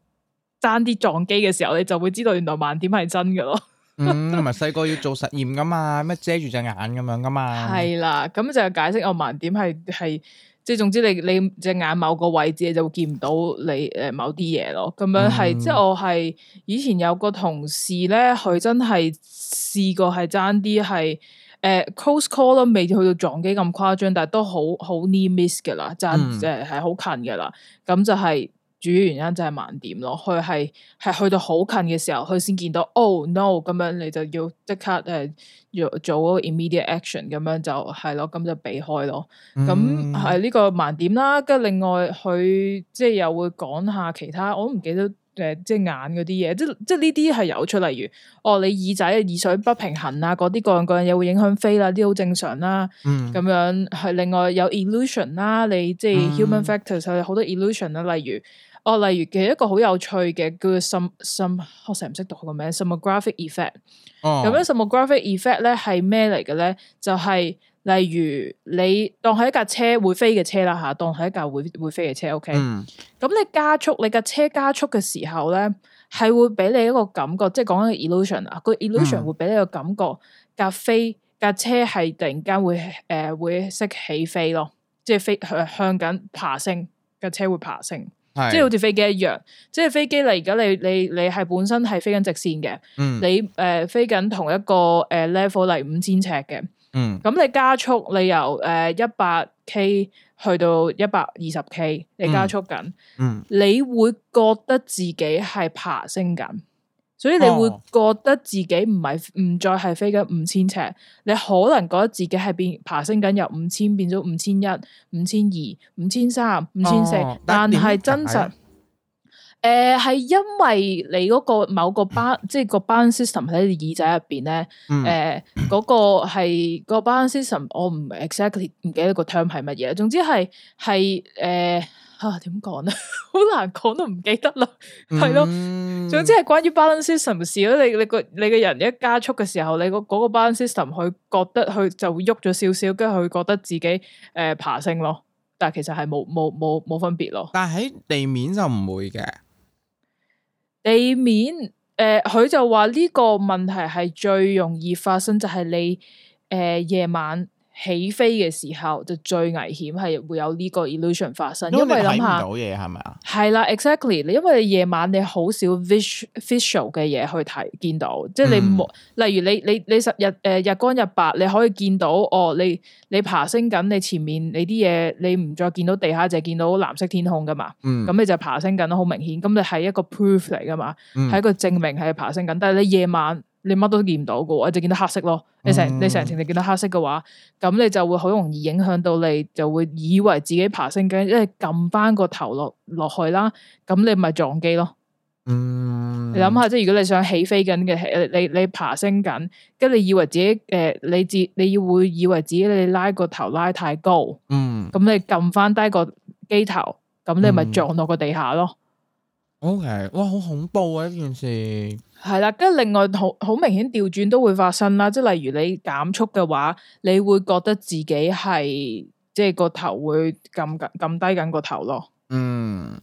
爭啲撞機嘅時候，你就會知道原來盲點係真嘅咯。 嗯，同埋細個要做實驗噶嘛，咩遮住隻眼咁樣噶嘛。係 啦，咁就解釋我盲點係係，即係、就是，總之你你隻眼某個位置你就見唔到你誒某啲嘢咯。咁樣係，嗯、即係我係以前有個同事咧，佢真係試過係爭啲係誒 close call 咯，未去到撞機咁誇張，但係都好好 near miss 噶啦，爭即係好近噶啦，咁就係、是。主要原因就係盲點咯，佢係係去到好近嘅時候，佢先見到 oh no 咁樣，你就要即刻誒做做嗰個 immediate action，咁樣就係咯，咁就避開咯。咁係呢個盲點啦，跟另外佢即係又會講下其他，我唔記得。誒，即眼嗰啲嘢，即即呢啲係有出，例如，哦，你耳仔嘅耳水不平衡啊，嗰啲各樣各樣嘢會影響飛啦，啲好正常啦。嗯，咁樣係另外有 illusion 啦，你即 human factors 係好多 illusion 啦，例如，哦，例如其實一個好有趣嘅叫 some some，我成日唔識讀個名，some graphic effect。哦。咁樣 some graphic effect 咧係咩嚟嘅咧？就係。例如你當喺一架車會飛嘅車啦吓，當喺一架會會飛嘅車，OK。咁、嗯、你加速，你架車加速嘅時候咧，係會俾你一個感覺，即係講緊個 illusion 啊，個 illusion 會俾你個感覺架飛架車係突然間會誒、呃、會識起飛咯，即係飛、呃、向向緊爬升架車會爬升，是 即係好似飛機一樣，即係飛機嚟，而家你你你係本身係飛緊直線嘅，嗯、你誒、呃、飛緊同一個誒 level，嚟，五千尺嘅。嗯，咁你加速，你由誒一百 k 去到一百二十 k，你加速緊，嗯，嗯，你會覺得自己係爬升緊，所以你會覺得自己唔係唔再係飛緊五千尺，你可能覺得自己係變爬升緊，哦，由五千變咗五千一、五千二、五千三、五千四，但係真實。哦。誒，係、呃、因為你嗰個某個班，即、呃、係、嗯呃那個 balance system 喺耳仔入邊咧。誒，嗰個係個 balance system，我唔 exactly 唔記得個 term 係乜嘢。總之係係誒，吓點講咧？好、呃啊、 難講都唔記得啦，係、嗯、咯。總之係關於 balance system 事咯。你你個你嘅人一加速嘅時候，你個嗰個 balance system 佢覺得佢就會喐咗少少，跟住佢覺得自己誒、呃、爬升咯。但係其實係冇冇冇冇分別咯。但係喺地面就唔會嘅。你面，誒、呃，佢就話呢個問題係最容易發生，就係、是、你誒夜、呃、晚。起飛嘅時候就最危險，係會有呢個 illusion 發生，但你，因為你諗下，睇唔到嘢係咪啊？係啦，exactly，你因為你夜晚你好少 visual, visual 嘅嘢去睇見到，即係你、嗯、例如你你你實日誒日光日白，你可以見到哦，你你爬升緊，你前面你啲嘢你唔再見到地下，淨係見到藍色天空噶嘛。咁、嗯、你就爬升緊，好明顯。咁你係一個 proof 嚟噶嘛，係、嗯、一個證明係爬升緊。但係你夜晚。你乜都見唔到噶，我就見到黑色咯。你成、嗯、你成成地見到黑色嘅話，咁你就會好容易影響到你，就會以為自己爬升緊，因為撳翻個頭落落去啦。咁你咪撞機咯。嗯，你諗下，即係如果你想起飛緊嘅，你你，你爬升緊，跟住你以為自己誒、呃，你自你要會以為自己你拉個頭拉太高，嗯，咁你撳翻低個機頭下，咁你咪撞到個地下咯。嗯嗯、o、okay. K，哇，好恐怖啊！呢件事。係啦，跟住另外好好明顯調轉都會發生啦，即係例如你減速嘅話，你會覺得自己係即係個頭會撳緊撳低緊個頭咯。嗯，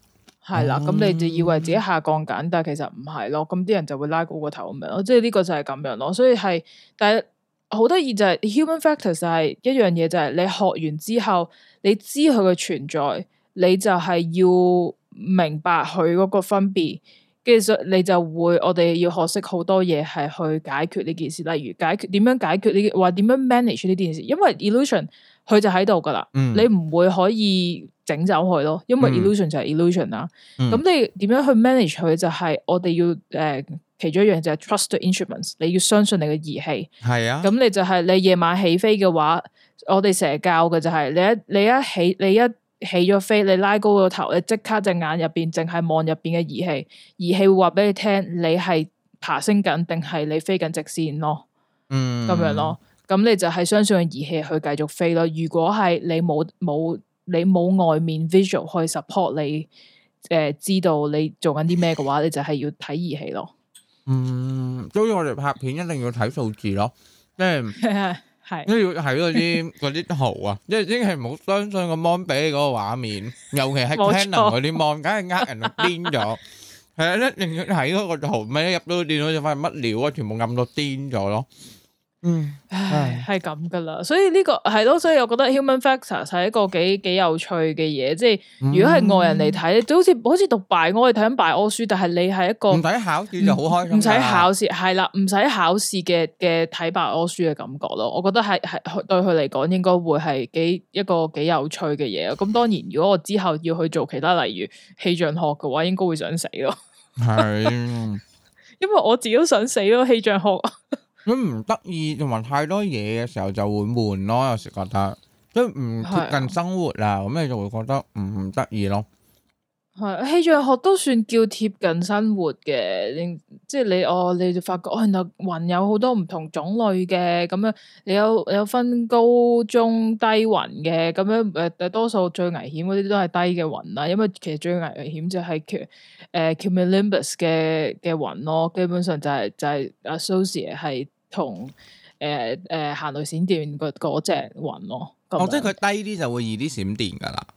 係啦的，咁、嗯、你就以為自己下降緊，但係其實唔係咯，咁啲人就會拉高個頭咁、就是、樣咯，即係呢個就係咁樣咯。所以係，但係好得意就係、是、Human Factors 係一樣嘢，就係你學完之後，你知佢嘅存在，你就係要明白佢嗰個分別。其實你就會，我哋要學識好多嘢，係去解決呢件事，例如解決點樣解決呢，話點樣 manage 呢件事，因為 illusion 佢就喺度噶啦，嗯、你唔會可以整走佢咯，因為 illusion 就係 illusion 啦。咁、嗯、你點樣去 manage 佢就係、是、我哋要誒、呃、其中一樣就係 trust instruments，你要相信你嘅儀器。係是啊。咁你就係、是、你夜晚起飛嘅話，我哋成日教嘅就係、是、你一你一起你一。起咗飛，你拉高個頭，你即刻隻眼入邊淨係望入邊嘅儀器，儀器會話俾你聽，你係爬升緊定係你飛緊直線咯，嗯，咁樣咯，咁你就係相信儀器去繼續飛咯。如果係你冇冇你冇外面 visual 去 support 你，誒、呃，知道你做緊啲咩嘅話，你就係要睇儀器咯。嗯，所以我哋拍片一定要睇數字咯，因為。係，都 要係嗰啲啲圖啊， 即係已經係唔好相信個 mon 俾你嗰個畫面，尤其係 Canon 啲 mon 梗係呃人咯癲咗，係咧， 你睇嗰個圖，咪一入到電腦就發現乜料啊，全部暗到癲咗咯。嗯，唉係咁噶啦，所以呢、呢個係咯，所以我覺得 human factor 係一個幾幾有趣嘅嘢，即係如果係外人嚟睇，嗯、就好似好似讀白，我哋睇緊白鵝書，但係你係一個唔使考試就好開心，唔使考試係啦，唔使考試嘅嘅睇白鵝書嘅感覺咯，我覺得係係對佢嚟講應該會係幾一個幾有趣嘅嘢。咁當然，如果我之後要去做其他例如氣象學嘅話，應該會想死咯。係是， 因為我自己都想死咯，氣象學。咁唔得意，同埋太多嘢嘅時候就會悶咯。有時覺得即唔貼近生活啦，咁的你就會覺得唔得意咯。係氣象學都算叫貼近生活嘅，即係你哦，你就發覺哦，原來雲有好多唔同種類嘅，咁樣你有有分高中低雲嘅，咁樣誒、呃，多數最危險嗰啲都係低嘅雲啦。因為其實最危險就係叫誒 Cumulonimbus 嘅嘅雲咯，基本上就係、是、就係、是、associated 係。從誒誒行雷閃電嗰嗰隻雲咯，哦，即係佢低啲就會易啲閃電噶啦。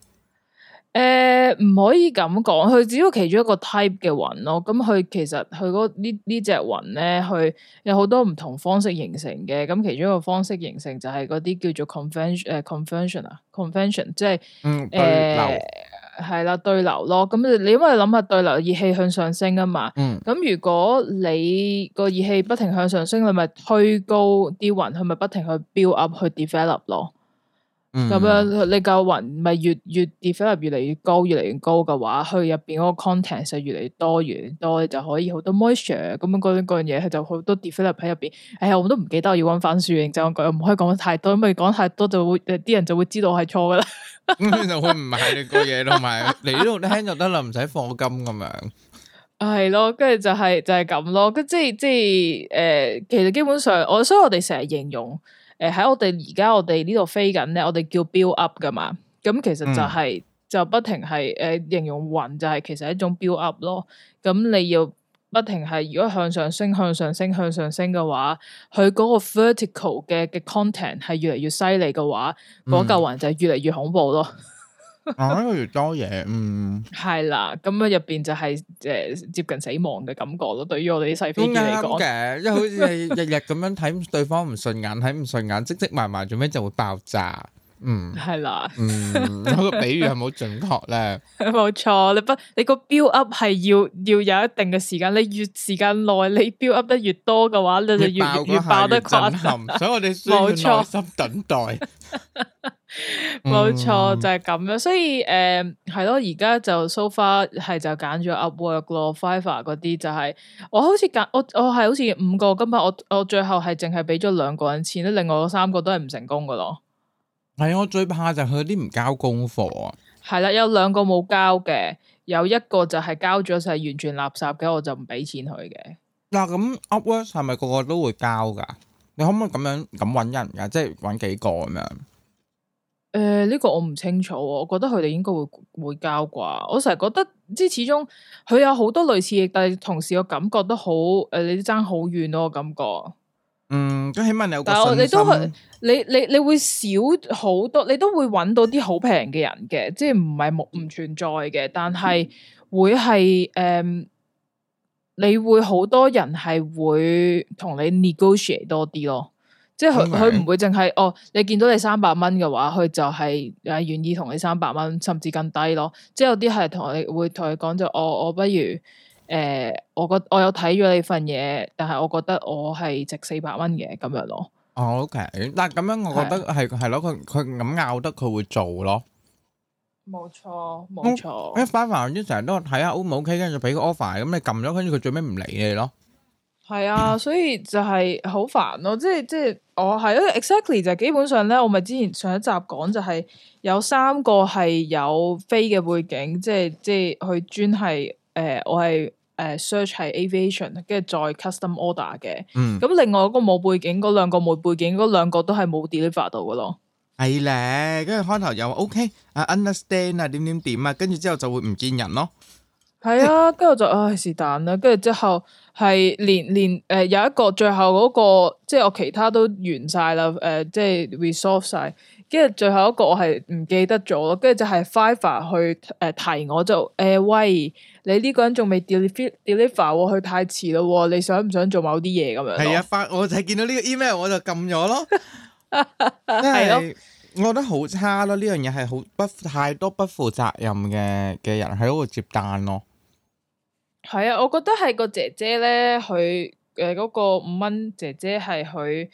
誒、呃，唔可以咁講，佢只要其中一個 type 嘅雲咯。咁佢其實佢呢呢隻雲咧，佢有好多唔同方式形成嘅。咁其中一個方式形成就係嗰啲叫做 convention 誒、呃、convention 啊 convention，即係誒。嗯係啦，對流咯，咁你因為諗下對流，熱氣向上升啊嘛，咁、嗯、如果你個熱氣不停向上升，你咪推高啲雲，佢咪不停去 build up 去 develop 咯。咁樣、嗯，你嚿雲咪越越 develop 越嚟越高，越嚟越高嘅話，佢入邊嗰個 content 就越嚟越多，越，越多就可以好多 moisture，咁樣嗰樣嘢，佢就好多 develop 喺入邊。哎呀，我都唔記得我要揾翻書，就我唔可以講太多，因為講太多就會啲人就會知道我係錯㗎喇。咁 就會唔係你個嘢，同埋嚟呢度聽就得啦，唔使課金咁樣。係咯，跟住就係就係咁咯。即係即係誒、呃，其實基本上我所以我哋成日形容。誒喺、呃、我哋而家我哋呢度飛緊咧，我哋叫 build up 噶嘛，咁其實就係、是嗯、就不停係誒、呃、形容雲就係其實一種 build up 咯。咁你要不停係如果向上升，向上升，向上升嘅話，佢嗰個 vertical 嘅嘅 content 係越嚟越犀利嘅話，嗰嚿雲就係越嚟越恐怖咯。嗯 啊，越嚟越多嘢，嗯，係啦，咁啊入邊就係誒接近死亡嘅感覺咯，對於我哋啲細 friend 嚟講嘅，因為好似係日日咁樣睇對方唔順眼，睇唔順眼積積埋埋，做咩就會爆炸？嗯，係是啦。 嗯，那個比喻係冇準確咧。冇錯， 你不你個 build up 係要要有一定嘅時間，你越時間耐，你 build up 得越多嘅話，你就越越爆得誇張。 所以我哋需要耐心等待。冇錯就係咁樣，所以誒係咯，而、嗯、家就 so far 係就揀咗 Upwork 咯、Fiverr 嗰啲，就係我好似揀我我係好似五個，今日我我最後係淨係俾咗兩個人錢，咧另外三個都係唔成功噶咯。係、哎、我最怕就佢啲唔交功課啊！係啦，有兩個冇交嘅，有一個就係交咗，就係、是、完全垃圾嘅，我就唔俾錢佢嘅。嗱咁，Upwork 係咪個個都會交噶？你可唔可以咁樣咁搵人噶、啊？即係搵幾個咁樣？誒、呃、呢、這個我唔清楚、啊，我覺得佢哋應該會會交啩。我成日覺得，即係始終佢有好多類似，但係同時個感覺都好誒、呃，你爭好遠咯，我感覺。嗯，咁起碼你有個信心。但你都會，你你你，你會少好多，你都會揾到啲好平嘅人嘅，即係唔係冇唔存在嘅，但係會係誒、呃，你會好多人係會同你 negotiate 多啲咯，即係佢佢唔會淨係哦，你見到你三百蚊嘅話，佢就係誒願意同你三百蚊，甚至更低咯。即係有啲係同你會同佢講就，我、哦、我不如。誒，我覺我有睇咗你份嘢，但係我覺得我係值四百蚊嘅咁樣咯。哦，OK，但係咁樣，我覺得係係咯，佢佢咁拗得，佢會做咯。冇錯，冇錯。反而，你成日都睇下 O 唔 OK，跟住俾個 offer，咁你撳咗，跟住佢最尾唔理你咯。係啊，所以就係好煩咯，即係即係，我係，exactly 就基本上咧，我咪之前上一集講就係有三個係有非嘅背景，即係即係去專係誒，我係。誒、uh，search 係 aviation，跟住再 custom order 嘅、嗯。嗯。 咁另外嗰個冇背景，嗰兩個冇背景，嗰兩個都係冇 deliver 到噶咯。係 咧，跟住開頭又 OK，啊 understand 啊點點點啊，跟住之後就會唔見人咯。係啊，跟住就唉是但啦，跟住之後係連連誒有一個最後嗰個，即係我其他都完晒啦，誒即係 resolve 晒。跟住最後一個我係唔記得咗咯，跟住就係 Fiverr 去誒、呃、提我就誒、呃、喂，你呢個人仲未 deliver ive, del deliver 喎，佢太遲咯，你想唔想做某啲嘢咁樣？係啊，發我，我就係見到呢個 email 我就撳咗咯。係咯，我覺得好差咯，呢樣嘢係好不太多不負責任嘅嘅人喺度接單咯。係啊，我覺得係個姐姐咧，佢誒嗰個五蚊姐姐係佢。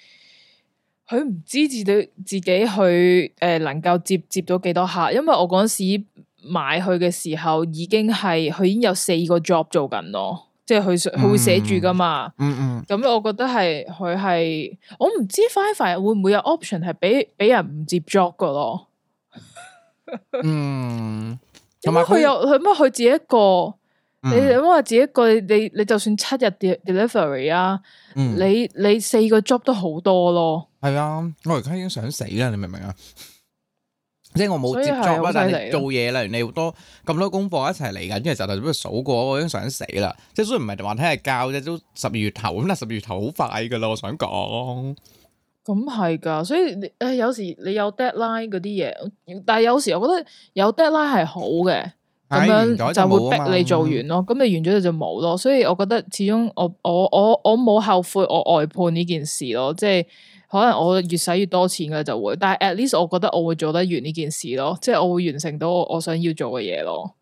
佢唔知自己自己去誒、呃，能夠接接咗幾多客？因為我嗰時買佢嘅時候，已經係佢已經有四個 job 做緊咯，即係佢佢會寫住噶嘛。嗯嗯。咁、嗯、我覺得係佢係，我唔知 Fiverr Fiverr 會唔會有 option 係俾俾人唔接 job 噶咯。嗯。咁佢有，佢啊佢自己一個。嗯、你咁話自己一個，你你就算七日 delivery 啊，嗯，你你四個 job 都好多咯。係啊，我而家已經想死啦，你明唔明啊？ 即係我冇接觸啊，但係做嘢啦，原來你好多咁多功課一齊嚟噶，即係就頭先數過，我已經想死啦。即係雖然唔係話聽日交啫，都十二月頭咁啦，十二月頭好快噶啦，我想講。咁係噶，所以誒，哎，有時你有 deadline 嗰啲嘢，但係有時我覺得有 deadline 係好嘅。咁樣就會逼你做完咯，咁、嗯、你完咗你就冇咯，所以我覺得始終我我我我冇後悔我外判呢件事咯，即係可能我越使越多錢嘅就會，但係 at least 我覺得我會做得完呢件事咯，即係我會完成到我想要做嘅嘢咯。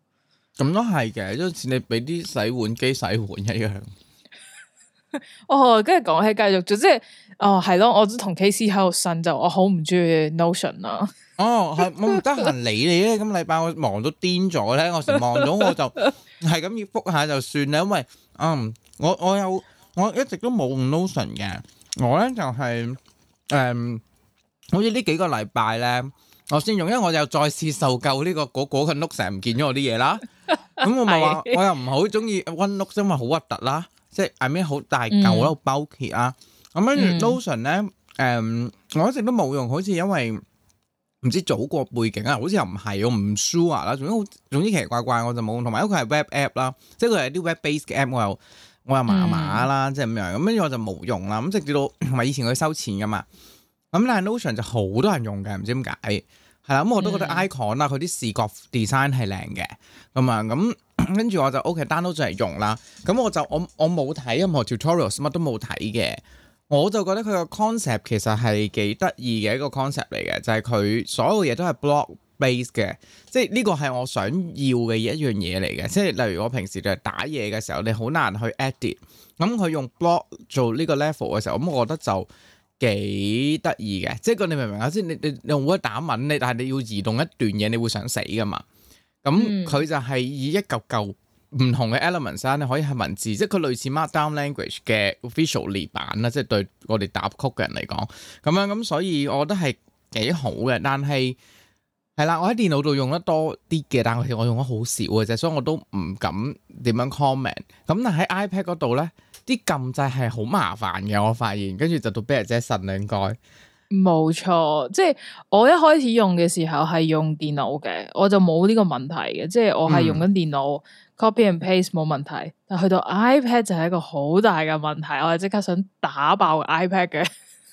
咁都係嘅，就好似你俾啲洗碗機洗碗一樣。 哦，跟住講起繼續做即係。哦，係咯，我都同 KC 喺度呻就，我好唔中意 Notion 啦。哦，係我唔得閒理你咧，今個禮拜我忙到癲咗咧，我成日忙咗，我就係咁要覆下就算啦。因為嗯，我我有我一直都冇用 Notion 嘅，我咧就係誒，好似呢幾個禮拜咧，我先用，因為我又再次受夠呢個嗰嗰 OneNote 成日唔見咗我啲嘢啦。咁我咪話我又唔好中意 OneNote，因為好核突啦，即係係咩好大舊啦，包皮啊。咁跟住 Notion 咧，誒，嗯，我一直都冇用，好似因為唔知祖國背景啊，好似又唔係我唔 sure 啦，總之總之奇怪怪我就冇用。同埋因為佢係 web app 啦，即係佢係啲 web based 嘅 app，我又我又麻麻啦，即係咁樣，咁跟住我就冇用啦，咁直至到同埋以前佢收錢㗎嘛，咁但係 Notion 就好多人用嘅，唔知點解，係啦，咁我都覺得 icon 啦，佢啲視覺 design 係靚嘅，咁啊，咁跟住我就 ok download 嚟用啦，咁我就我我冇睇任何 tutorial，乜都冇睇嘅。我就覺得佢個 concept 其實係幾得意嘅一個 concept 嚟嘅，就係、是、佢所有嘢都係 block based 嘅，即係呢個係我想要嘅一樣嘢嚟嘅。即係例如我平時就打嘢嘅時候，你好難去 edit。咁佢用 block 做呢個 level 嘅時候，咁我覺得就幾得意嘅。即係你明唔明啊先？你你你用開打文，你但係你要移動一段嘢，你會想死噶嘛？咁佢就係以一嚿嚿。唔同嘅 elements 咧，你可以係文字，即係佢類似 Markdown language 嘅 official 版啦，即係對我哋打曲嘅人嚟講，咁樣咁，所以我覺得係幾好嘅。但係係啦，我喺電腦度用得多啲嘅，但係我用得好少嘅啫，所以我都唔敢點樣 comment。咁但喺 iPad 嗰度咧，啲撳掣係好麻煩嘅，我發現。跟住就到 Bear 姐神啦，應該冇錯。即係我一開始用嘅時候係用電腦嘅，我就冇呢個問題嘅，即係我係用緊電腦。嗯 Copy and paste 冇問題，但去到 iPad 就係一個好大嘅問題。我係即刻想打爆 iPad 嘅。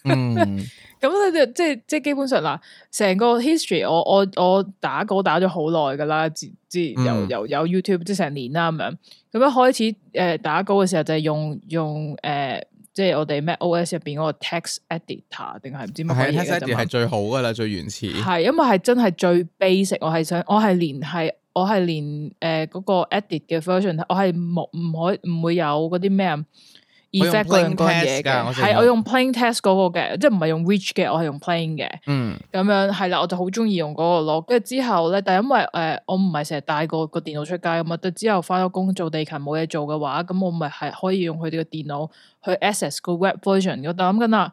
咁佢哋即係即係基本上嗱，成個 history 我我我打稿打咗好耐㗎啦，即即又又有 YouTube 即成年啦咁樣。咁一開始誒打稿嘅時候就係用用誒，即係我哋 Mac OS 入邊嗰個 Text Editor 定係唔知乜嘢。係 Text Editor 係最好㗎啦，最原始。係因為係真係最 basic，我係想我係連係。我係連誒嗰、呃嗰個 edit 嘅 version，我係冇唔可唔會有嗰啲咩 effect 嗰樣嘢嘅，係我用 plain, plain text 嗰才、嗰個嘅，即係唔係用 rich 嘅，我係用 plain 嘅。嗯，咁樣係啦，我就好中意用嗰個咯。跟住之後咧，但係因為誒我唔係成日帶個個電腦出街咁啊，之後翻咗、呃、工做地勤冇嘢做嘅話，咁我咪係可以用佢哋嘅電腦去 access 個 web version 我。我就諗緊啦。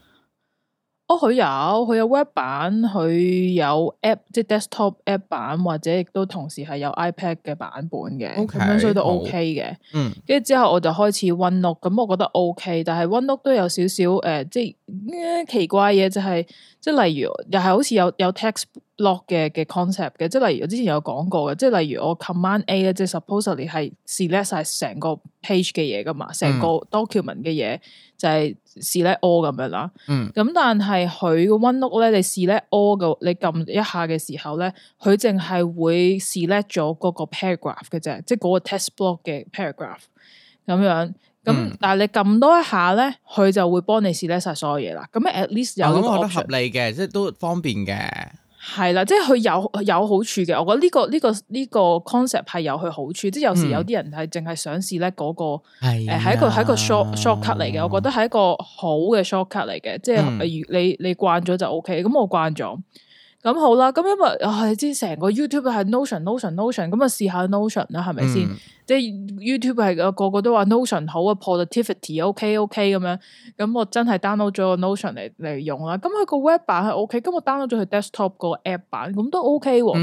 哦，佢有，佢有 web 版，佢有 app，即係 desktop app 版，或者亦都同時係有 iPad 嘅版本嘅，咁所以都 OK 嘅。嗯，跟住之後我就開始 OneNote，咁我覺得 OK，但係 OneNote 都有少少誒、呃，即係、呃、奇怪嘢，就係、是、即係例如又係好似有有 text block 嘅嘅 concept 嘅，即係例如我之前有講過嘅，即係例如我 command A 咧，即係 supposedly 係 select 晒成個 page 嘅嘢噶嘛，成、嗯、個 document 嘅嘢就係、是。Select all，嗯、是咧 all 咁樣啦，咁但係佢個 o 屋咧，你是咧 all 嘅，你撳一下嘅時候咧，佢淨係會是咧咗嗰個 paragraph 嘅啫，即係嗰個 t e s t block 嘅 paragraph 咁樣。咁但係你撳多一下咧，佢、嗯、就會幫你是咧晒所有嘢啦。咁 at least 有、嗯，我覺得合理嘅，即係都方便嘅。係啦，即係佢有有好處嘅，我覺得呢、這個呢、這個呢、這個 concept 係有佢好處，即係有時有啲人係淨係想試咧嗰個，係誒係一個係一個 short short cut 嚟嘅，我覺得係一個好嘅 short cut 嚟嘅，即係例如你你慣咗就 OK，咁我慣咗。咁好啦，咁因為係、哦嗯、即係成個 YouTube 係 Notion，Notion，Notion，咁啊試下 Notion 啦，係咪先？即係 YouTube 係個個都話 Notion 好啊，positivity，OK，OK、okay, okay, 咁樣。咁我真係 download 咗個 Notion 嚟嚟用啦。咁佢個 web 版係 OK，咁我 download 咗佢 desktop 個 app 版，咁都 OK 喎、啊。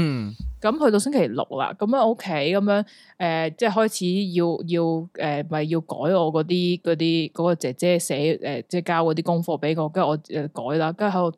咁去、嗯、到星期六啦，咁樣 OK，咁樣誒、呃，即係開始要要誒，咪、呃、要改我嗰啲嗰啲嗰個姐姐寫誒、呃，即係交嗰啲功課俾我，跟住我改啦，跟住喺度。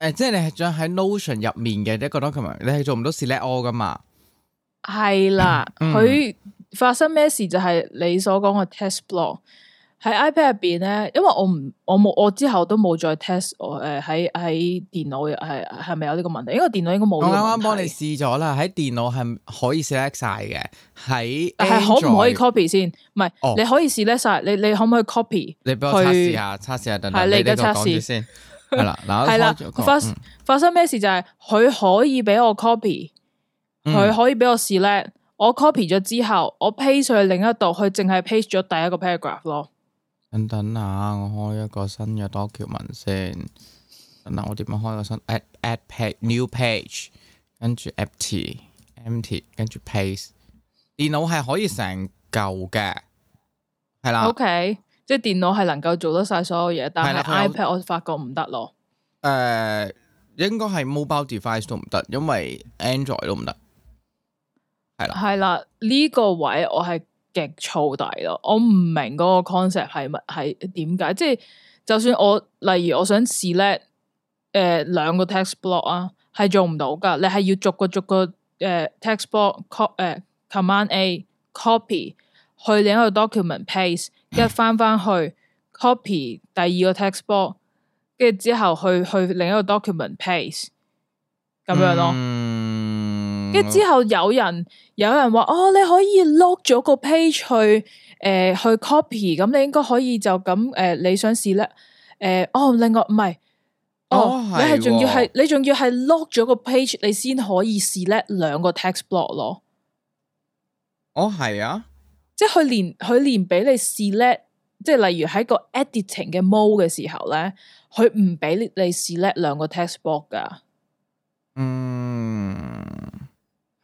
誒，即係你係做喺 Notion 入面嘅一個 document，你係做唔到 select all 噶嘛？係啦，佢、嗯、發生咩事就係你所講嘅 test block 喺 iPad 入邊咧。因為我唔，我冇，我之後都冇再 test 我、呃、誒，喺喺電腦係係咪有呢個問題？因為電腦應該冇。我啱啱幫你試咗啦，喺電腦係可以 select 晒嘅，喺係可唔可以 copy 先？唔係、哦，你可，可以 select 晒，你你可唔可以 copy？你俾我測試下，測試下等等，你呢個講住先。係啦，係啦 了，發、嗯、發生咩事就係、是、佢可以俾我 copy，佢、嗯、可以俾我試叻，我 copy 咗之後，我 paste 去另一度，佢淨係 paste 咗第一個 paragraph 咯。等等下，我開一個新嘅 document 先。等等，我點樣開個新？add add page, new page，跟住 empty empty，跟住 paste。電腦係可以成舊嘅，係啦。OK。即係電腦係能夠做得晒所有嘢，但係 iPad 我發覺唔得咯。誒、呃，應該係 mobile device 都唔得，因為 Android 都唔得。係啦，係啦，呢、這個位我係極燥底咯。我唔明嗰個 concept 係乜，係點解？即、就、係、是、就算我例如我想 select、呃，誒，兩個 text block 啊，係做唔到噶。你係要逐個逐個誒、呃、text block 誒、呃、command A copy。去另一個 document page，一翻翻去 copy 第二個 text block，跟住之後去去另一個 document page，咁樣咯。跟住、嗯、之後有人有人話哦，你可以 lock 咗個 page 去誒、呃、去 copy，咁你應該可以就咁誒、呃，你想試咧、呃？誒哦，另外唔係哦，哦你係仲要係、哦哦、你仲要係 lock 咗個 page，你先可以試咧兩個 text block 咯。哦，係啊。即係佢連佢連俾你試咧，即係例如喺個 editing 嘅 mode 嘅時候咧，佢唔俾你試咧兩個 textbook 噶。嗯，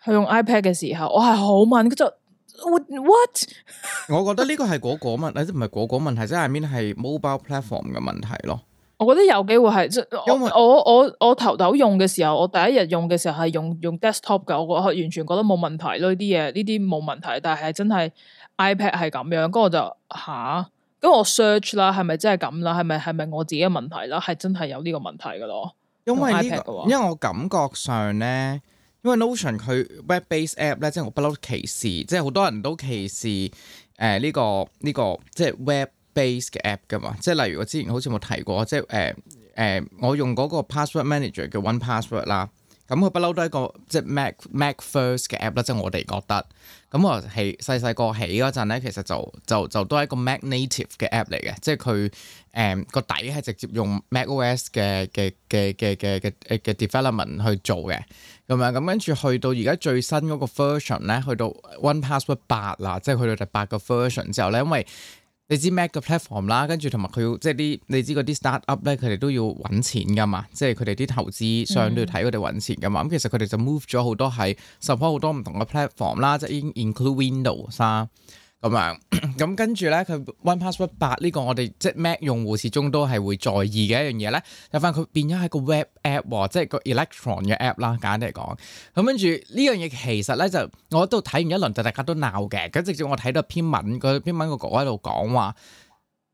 佢用 iPad 嘅時候，我係、嗯、好問，佢就 what？ 我覺得呢個係果果問，即者唔係果果問題，即係下面 I mean, 係 mobile platform 嘅問題咯？我覺得有機會係，即因為我我我，我頭頭用嘅時候，我第一日用嘅時候係用用 desktop 噶，我我完全覺得冇問題咯，呢啲嘢呢啲冇問題，但係真係。iPad 係咁樣，咁我就吓，咁我 search 啦，係咪真係咁啦？係咪係咪我自己嘅問題啦？係真係有呢個問題噶咯。因為呢、這個，因為我感覺上咧，因為 Notion 佢 Web-based App 咧，即係我不嬲歧視，即係好多人都歧視誒呢、呃這個呢、這個即係 Web-based 嘅 App 噶嘛。即係例如我之前好似冇提過，即係誒誒，我用嗰個 Password Manager 叫 One Password 啦。咁佢不嬲都係一個即係 Mac Mac First 嘅 app 啦，即係我哋覺得。咁我係細細個起嗰陣咧，其實就就就都係一個 Mac Native 嘅 app 嚟嘅，即係佢誒個底係直接用 Mac OS 嘅嘅嘅嘅嘅嘅 development 去做嘅。咁樣咁跟住去到而家最新嗰個 version 咧，去到 1Password 八啦，即係去到第八個 version 之後咧，因為你知 Mac 嘅 platform 啦，跟住同埋佢要即係啲，你知嗰啲 start up 咧，佢哋都要揾錢噶嘛，即係佢哋啲投資商都要睇佢哋揾錢噶嘛，咁其實佢哋就 move 咗好多係 support 好多唔同嘅 platform 啦，即係已經 include Windows 啊。咁樣，咁、嗯嗯、跟住咧，佢 OnePassword 八呢個我哋即 Mac 用戶始終都係會在意嘅一樣嘢咧。有翻佢變咗係個 Web App、哦、即係個 Electron 嘅 App 啦，簡單嚟講。咁跟住呢樣嘢其實咧就，我都睇完一輪就大家都鬧嘅。咁直接我睇到篇文，篇文個角喺度講話。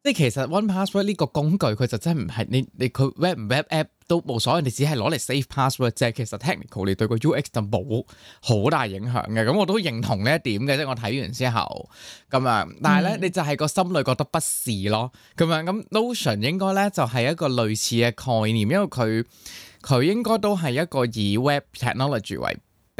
即係其實 OnePassword 呢個工具，佢就真係唔係你你佢 web 唔 web app 都冇所謂，你只係攞嚟 save password 啫。即係其實 technical 你對個 UX 就冇好大影響嘅。咁我都認同呢一點嘅，即我睇完之後咁啊，但係咧，嗯、你就係個心裏覺得不是咯咁樣。咁 Notion 應該咧就係、是、一個類似嘅概念，因為佢佢應該都係一個以 web technology 為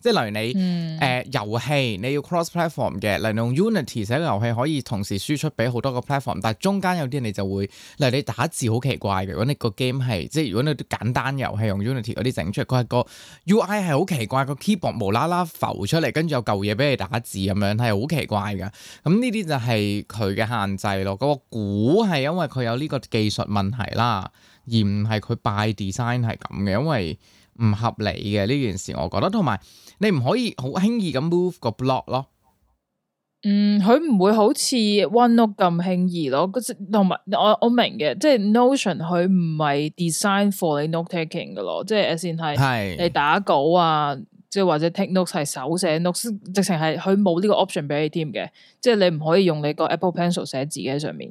即係例如你誒、嗯呃、遊戲，你要 cross platform 嘅，例如用 Unity 寫個遊戲，可以同時輸出俾好多個 platform。但係中間有啲人你就會，例如你打字好奇怪嘅。如果你個 game 係即係如果你啲簡單遊戲用 Unity 嗰啲整出嚟，佢係個 UI 係好奇怪，個 keyboard 無啦啦浮出嚟，跟住有舊嘢俾你打字咁樣，係好奇怪嘅。咁呢啲就係佢嘅限制咯。嗰個估係因為佢有呢個技術問題啦，而唔係佢 by design 係咁嘅，因為唔合理嘅呢件事，我覺得同埋。你唔可以好輕易咁 move 個 block 咯，嗯，佢唔會好似 OneNote 咁輕易咯，同埋我我明嘅，即係 Notion 佢唔係 design for 你 note taking 嘅咯，即係先係你打稿啊，即係或者 take notes 係手寫 notes，是直情係佢冇呢個 option 俾你添嘅，即係你唔可以用你個 Apple Pencil 寫字喺上面，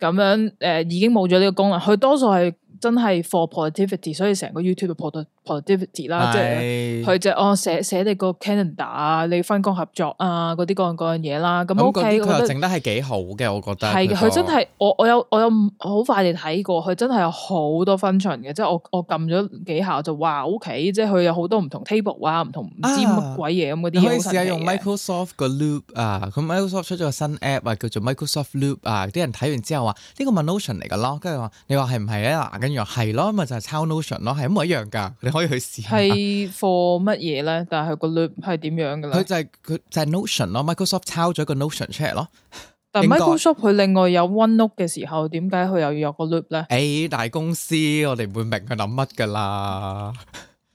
咁樣誒、呃、已經冇咗呢個功能，佢多數係真係 for productivity，所以成個 YouTube 破得。project 啦，即係佢就哦寫寫你個 calendar 啊，你分工合作啊，嗰啲嗰樣嗰樣嘢啦，咁 OK，覺得整得係幾好嘅，我覺得係嘅，佢真係我我有我有好快地睇過，佢真係有好多 function 嘅，即係我我撳咗幾下就話 OK，即係佢有好多唔同 table 啊，唔同唔知乜鬼嘢咁嗰啲。你可以試下用 Microsoft 個 Loop 啊，佢 Microsoft 出咗個新 app 啊，叫做 Microsoft Loop 啊，啲人睇完之後話呢個咪 Notion 嚟㗎咯，跟住話你話係唔係咧？嗱，跟住話係咯，咪就係抄 Notion 咯，係咁一樣㗎，你。可以去試係 for 乜嘢咧？但係個 loop 係點樣噶啦？佢就係、是、佢就係 Notion 咯，Microsoft 抄咗個 Notion 出嚟咯。但該 Microsoft 佢另外有 OneNote 嘅時候，點解佢又要有個 loop 咧？誒，大公司我哋唔會明佢諗乜噶啦。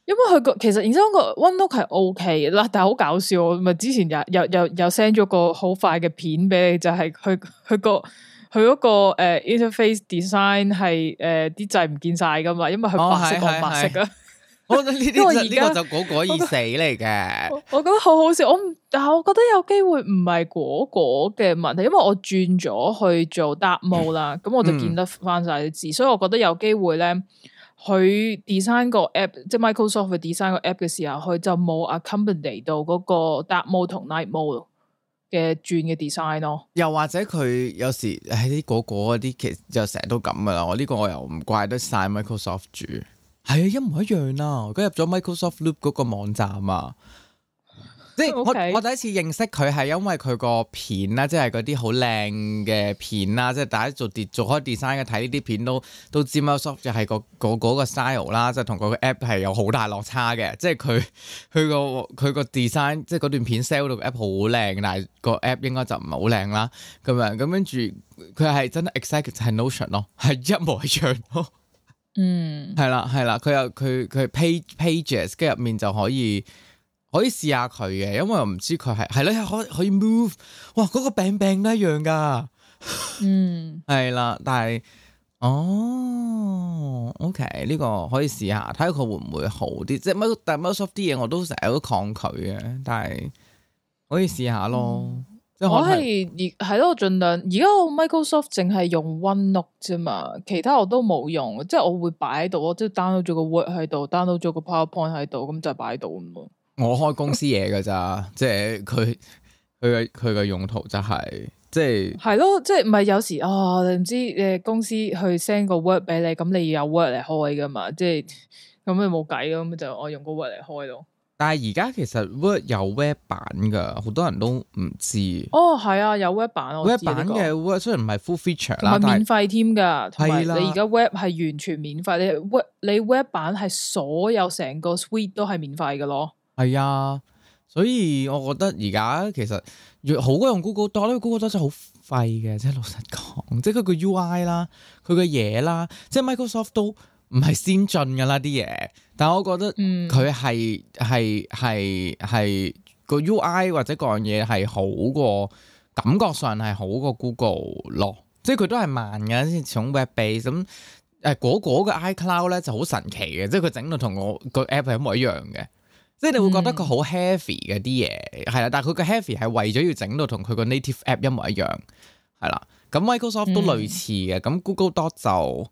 因為佢個其實而家個 OneNote 係 OK 啦，但係好搞笑。我咪之前又又又 send 咗個好快嘅片俾你，就係佢佢個佢嗰、那個誒、uh, interface design 係誒啲掣唔見晒噶嘛？因為佢白色同、哦、白色啊。的 我呢啲呢個就果果而死嚟嘅，我覺得好好笑。我但係我覺得有機會唔係果果嘅問題，因為我轉咗去做 Dark Mode 啦，咁、嗯、我就見得翻晒啲字，嗯、所以我覺得有機會咧，佢 design 個 app 即係 Microsoft design 個 app 嘅時候，佢就冇 accompanied 到嗰個 Dark Mode 同 Night Mode 嘅轉嘅 design 咯。又或者佢有時喺啲果果啲，其實就成日都咁噶啦。我呢個我又唔怪得晒 Microsoft 住。係啊，一模一樣啊。佢入咗 Microsoft Loop 嗰個網站啊，即係我我第一次認識佢，係因為佢個片啦，即係嗰啲好靚嘅片啦，即、就、係、是、大家做 design 做開 design 嘅睇呢啲片都都知 Microsoft 就係個個、嗰個 style 啦，就同、是、佢個 app 係有好大落差嘅，即係佢佢個佢個 design 即係嗰段片 sell 到個 app 好靚，但係個 app 應該就唔係好靚啦咁樣，咁跟住佢係真係 exactly 就 Notion 咯，係一模一樣咯。 嗯，係啦，係 啦，佢又佢佢 page pages 跟入面就可以可以試下佢嘅，因為我唔知佢係係咧可可以 move 哇嗰、嗰個病病都一樣噶，嗯係啦，但係哦，OK 呢個可以試下睇下佢會唔會好啲，即係乜但係 most of 啲嘢我都成日都抗拒嘅，但係可以試下咯。嗯我係而係咯，盡量而家我 Microsoft 淨係用 OneNote 啫嘛，其他我都冇用，即係我會擺喺度，我即係 download 咗個 Word 喺度，download 咗個 PowerPoint 喺度，咁就擺喺度咁我開公司嘢噶咋， 即係佢佢嘅佢嘅用途就係即係係咯，即係唔係有時啊、哦，你唔知誒公司去 send 個 Word 俾你，咁你要有 Word 嚟開噶嘛，即係咁你冇計咯，咁就，就我用個 Word 嚟開咯。但係而家其實 Word 有 Web 版噶，好多人都唔知。哦，係啊，有 Web 版啊，Web 版嘅 Word 雖然唔係 full feature，啦，係免費添噶，同埋你而家 Web 係完全免費，啊、你 Web 你 Web 版係所有成個 Suite 都係免費噶咯。係啊，所以我覺得而家其實 ogle，好多人用 Google，但係咧 Google 都真係好廢嘅，即係老實講，即係佢個 UI 啦，佢嘅嘢啦，即係 Microsoft 都。唔係先進㗎啦啲嘢，但係我覺得佢係係係係個 UI 或者各樣嘢係好過，感覺上係好過 Google 咯。即係佢都係慢嘅，先用 web-based 咁。誒、嗯、果果嘅 iCloud 呢就好神奇嘅，即係佢整到同我個 app 係一模一樣嘅。即係你會覺得佢好 heavy 嘅啲嘢係啦，但係佢個 heavy 係為咗要整到同佢個 native app 一模一樣係啦。咁 Microsoft、嗯、都類似嘅，咁 Google Doc 就。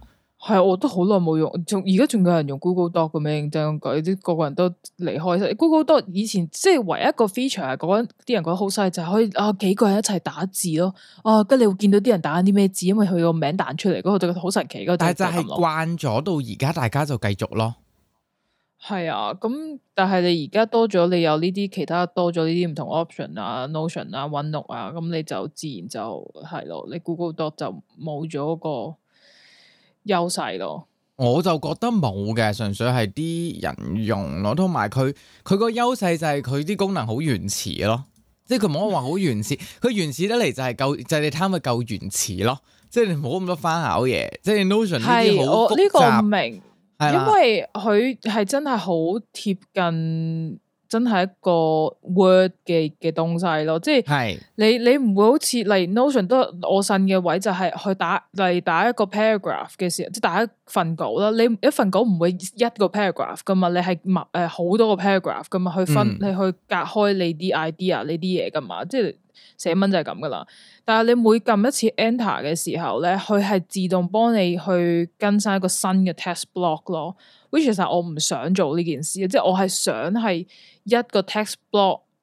係，我都好耐冇用，仲而家仲有人用 Google Doc 咁樣就真改，啲個個人都離開。Google Doc 以前即係唯一一個 feature，係嗰啲人覺得好犀利，就係、是、可以啊幾個人一齊打字咯，啊跟你會見到啲人打緊啲咩字，因為佢個名彈出嚟，嗰個就覺得好神奇。但係就係慣咗到而家，大家就繼續咯。係啊，咁但係你而家多咗，你有呢啲其他多咗呢啲唔同 option 啊、Notion 啊、OneNote 啊，咁你就自然就係咯，你 Google Doc 就冇咗、那個。優勢咯，我就覺得冇嘅，純粹係啲人用咯，同埋佢佢個優勢就係佢啲功能好原始咯，即係佢冇得話好原始，佢原始得嚟就係夠，就係你貪佢夠原始咯，即係你唔好咁多翻考嘢，即係 Notion 呢啲好複雜，我呢個唔明，嗎因為佢係真係好貼近。真係一個 word 嘅嘅東西咯，即係是你你唔會好似例如 Notion 都我信嘅位就係去打例如打一個 paragraph 嘅時候，即係打一份稿啦。你一份稿唔會一個 paragraph 噶嘛，你係物誒好多個 paragraph 噶嘛，去分你、嗯、去隔開你啲 idea、你啲嘢噶嘛，即係。寫文就係咁噶啦，但係你每撳一次 enter 嘅時候咧，佢係自動幫你去更新一個新嘅 text block 咯。Which 其實我唔想做呢件事啊，即係我係想係一個 text block。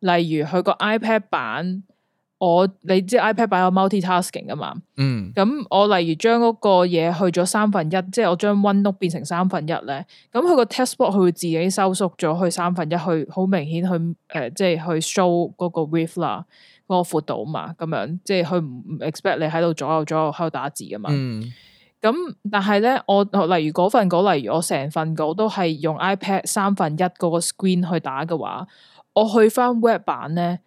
例如佢個 iPad 版，我你知 iPad 版有 multitasking 噶嘛？嗯，咁我例如將嗰個嘢去咗三分一，即係我將 window 變成三分一咧，咁佢個 taskbar 佢會自己收縮咗去三分一，顯去好明顯去誒，即係去 show 嗰個 width 啦，嗰個寬度嘛，咁樣即係佢唔 expect 你喺度左右左右喺度打字噶嘛。嗯，咁但係咧，我例如嗰份稿，例如我成份稿都係用 iPad 三分一嗰個 screen 去打嘅話。我去翻 Web 版咧，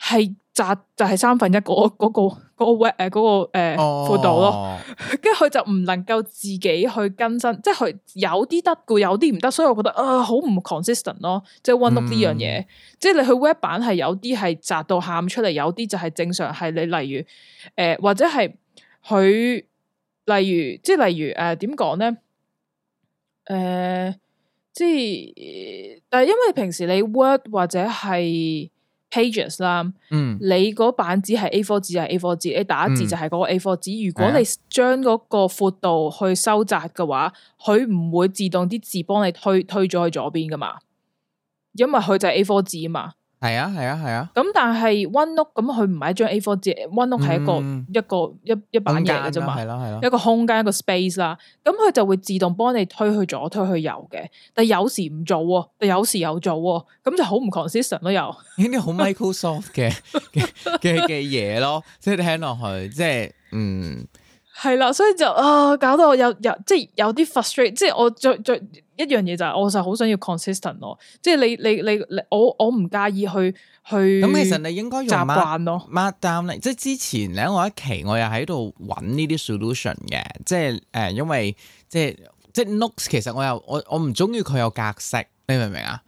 係扎就係三分一嗰嗰、嗰個嗰、嗰個 Web 誒嗰個誒輔導咯，跟住佢、哦、就唔能夠自己去更新，即係佢有啲得嘅，有啲唔得，所以我覺得啊好、呃、唔 consistent 咯，即係 OneNote 呢樣嘢，即係你去 Web 版係有啲係扎到喊出嚟，有啲就係正常係你例如誒、呃、或者係佢例如即係例如誒點講咧誒。呃即係，但係因為平時你 Word 或者係 Pages 啦，嗯，你嗰版紙係 A4 紙，就係 A4 紙，你打字就係嗰個 A4 紙。嗯、如果你將嗰個闊度去收窄嘅話，佢唔會自動啲字幫你推推咗去左邊噶嘛，因為佢就係 A4 紙嘛。係啊，係啊，係啊。咁但係 OneNote 咁佢唔係一張 A4 紙，OneNote 係一個一個一一版嘅啫嘛，係咯係咯。一個一一空間、啊啊、一,一個 space 啦，咁佢就會自動幫你推去左推去右嘅，但有時唔做，但有時有做，咁就好唔 consistent 都有。呢啲好 Microsoft 嘅嘅嘅嘢咯，即係 聽落去，即、就、係、是、嗯。係啦、 嗯，所以就啊，搞到我有有即係有啲 frustrate，即係我最最一樣嘢就係我就好想要 consistent 咯，即係你你你你我 我唔介意去去。咁其實你應該用 m 咯，markdown 咧，即係之前咧我一期我又喺度揾呢啲 solution 嘅，即係誒因為即係即係 notes，其實我又我我唔中意佢有格式，你明唔明啊？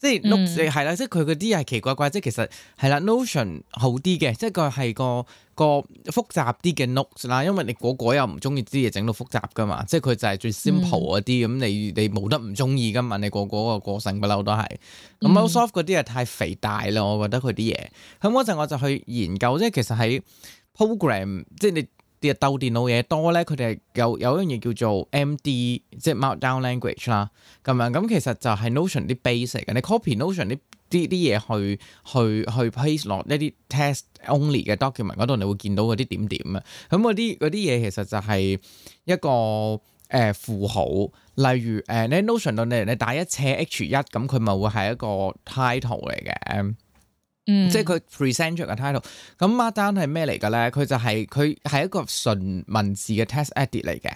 即係 notes 係啦，即係佢嗰啲係奇怪怪，即係其實係啦。Notion 好啲嘅，即係個係個個複雜啲嘅 notes 啦，因為你果果又唔中意啲嘢，整到複雜噶嘛，即係佢就係最 simple 嗰啲，咁、嗯、你你冇得唔中意噶嘛，你果果個個，個，個，個個性不嬲都係。咁 Microsoft 嗰啲又太肥大啦，我覺得佢啲嘢。咁嗰陣我就去研究，即係其實喺 program，即係你。啲鬥電腦嘢多咧，佢哋係有有一樣嘢叫做 M.D. 即 Markdown Language 啦，咁啊，咁其實就係 Notion 啲 basic 嘅。你 copy Notion 啲啲啲嘢去去去 paste 落一啲 text only 嘅 document 嗰度，你會見到嗰啲點點啊。咁嗰啲嗰啲嘢其實就係一個誒、呃、符號，例如誒、呃、你 Notion 度你你打一斜 H 一，咁佢咪會係一個 title 嚟嘅。即係佢 present 出嘅 title，咁 m a r d o w n 係咩嚟嘅咧？佢就係，佢係一個純文字嘅 t e s t edit 嚟嘅。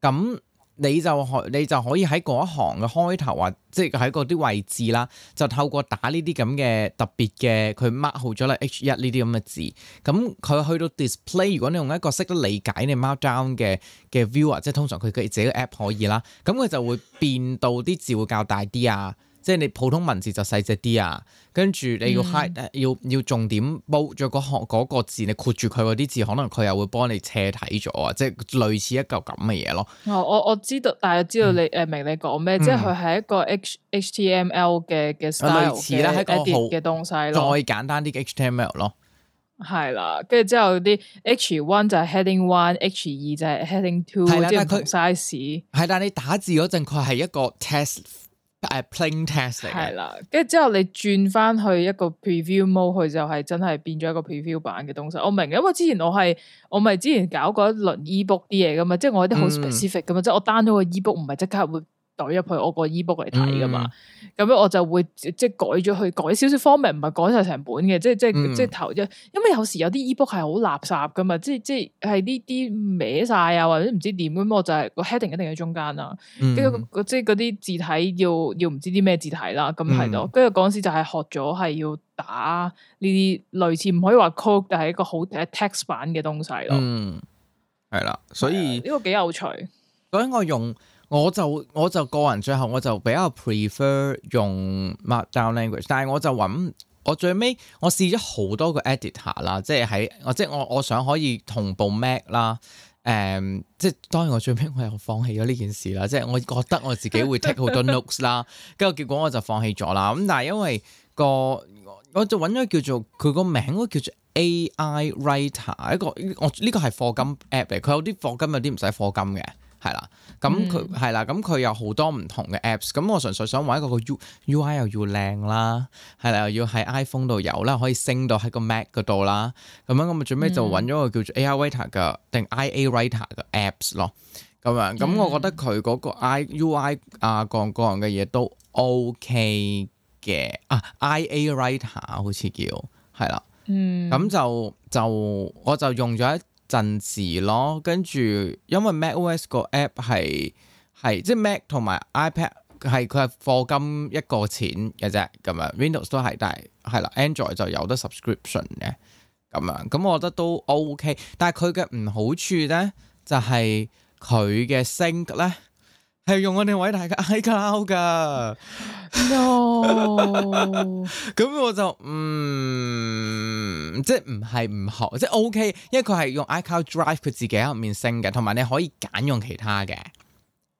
咁你就學，你就可以喺嗰一行嘅開頭啊，即係喺嗰啲位置啦，就透過打呢啲咁嘅特別嘅，佢 mark 好咗啦 h 一呢啲咁嘅字。咁佢去到 display，如果你用一個識得理解你 markdown 嘅嘅 v i e w e，即係通常佢嘅自己嘅 app 可以啦。咁佢就會變到啲字會較大啲啊。即係你普通文字就細隻啲啊，跟住你要 highlight、嗯、要要重點煲再個嗰個字你括住佢嗰啲字，可能佢又會幫你斜睇咗啊！即係類似一嚿咁嘅嘢咯。哦、我我知道，但係我知道你誒、嗯、明你講咩，嗯、即係佢係一個 H H T M L 嘅嘅 style 類似啦，係一個好嘅東西咯，再簡單啲嘅 H T M L 咯。係啦，跟住之後啲 H one 就係 heading one，H 二就係 heading two，即係佢 size。係啦，你打字嗰陣佢係一個 test。誒，plain test 嚟嘅，係啦，跟住之後你轉翻去一個 preview mode，佢就係真係變咗一個 preview 版嘅東西。我明，因為之前我係我咪之前搞過一輪 ebook 啲嘢噶嘛，即係、就是、我有啲好 specific 噶嘛，即係、嗯、我 download 個 ebook 唔係即刻會。導入去我個 ebook 嚟睇噶嘛，咁、嗯、樣我就會即係改咗去改少少 format，唔係改晒成本嘅，即係即係即係投一，嗯、因為有時有啲 ebook 係好垃圾噶嘛，即係即係係呢啲歪晒啊，或者唔知點咁，我就係、是那個 heading 一定喺中間啦，跟住、嗯、即係嗰啲字體要要唔知啲咩字體啦，咁係咯，跟住嗰時就係學咗係要打呢啲類似唔可以話 code，但係一個好誒 text 版嘅東西咯，係啦、嗯，所以呢、這個幾有趣，所以我用。我就我就個人最後我就比較 prefer 用 Markdown language，但係我就揾我最尾我試咗好多個 editor 啦，即係喺我即係我我想可以同步 Mac 啦，誒、嗯、即係當然我最尾我又放棄咗呢件事啦，即係我覺得我自己會 take 好多 notes 啦，跟住 結果我就放棄咗啦。咁但係因為個我就揾咗叫做佢個名，我叫做 AI Writer，一個我呢、呢個係課金 app 嚟，佢有啲課金有啲唔使課金嘅。係啦，咁佢係啦，咁佢、嗯、有好多唔同嘅 apps，咁我純粹想揾一個個 u UI 又要靚啦，係啦，又要喺 iPhone 度有啦，可以升到喺個 Mac 度啦，咁樣咁最尾就揾咗個叫做 AI Writer 嘅定 IA Writer 嘅 apps 咯，咁樣，咁我覺得佢嗰個 i UI 啊，各樣各樣嘅嘢都 OK 嘅，啊 IA Writer 好似叫，係啦，嗯，咁就就我就用咗一陣時咯，跟住因為 MacOS 個 app 係係即係 Mac 同埋 iPad 係佢係課金一個錢嘅啫咁樣。Windows 都係，但係係啦，Android 就有得 subscription 嘅咁樣，咁我覺得都 OK，但係佢嘅唔好處咧就係佢嘅 sync 咧。係用我哋偉大嘅 iCloud 噶，no，咁 我就嗯，即係唔係唔好，即係 O K，因為佢係用 iCloud Drive 佢自己喺入面升嘅，同埋你可以揀用其他嘅，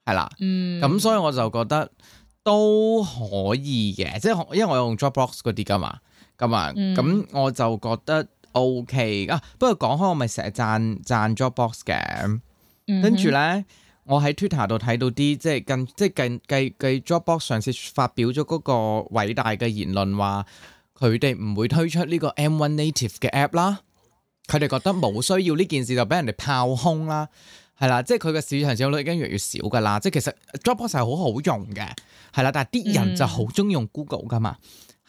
係啦，咁、嗯、所以我就覺得都可以嘅，即係因為我用 Dropbox 嗰啲噶嘛，咁啊，咁、嗯、我就覺得 O K 噶，不過講開我咪成日讚讚 Dropbox 嘅，跟住咧。嗯哼我喺 Twitter 度睇到啲即係近即係近近近 Dropbox 上次發表咗嗰個偉大嘅言論，話佢哋唔會推出呢個 M1 Native 嘅 App 啦。佢哋覺得冇需要，呢件事就俾人哋炮轟啦，係啦。即係佢嘅市場佔有率已經越嚟越少噶啦。即係其實 Dropbox 係好好用嘅，係啦。但係啲人就好鍾意用 Google 噶嘛，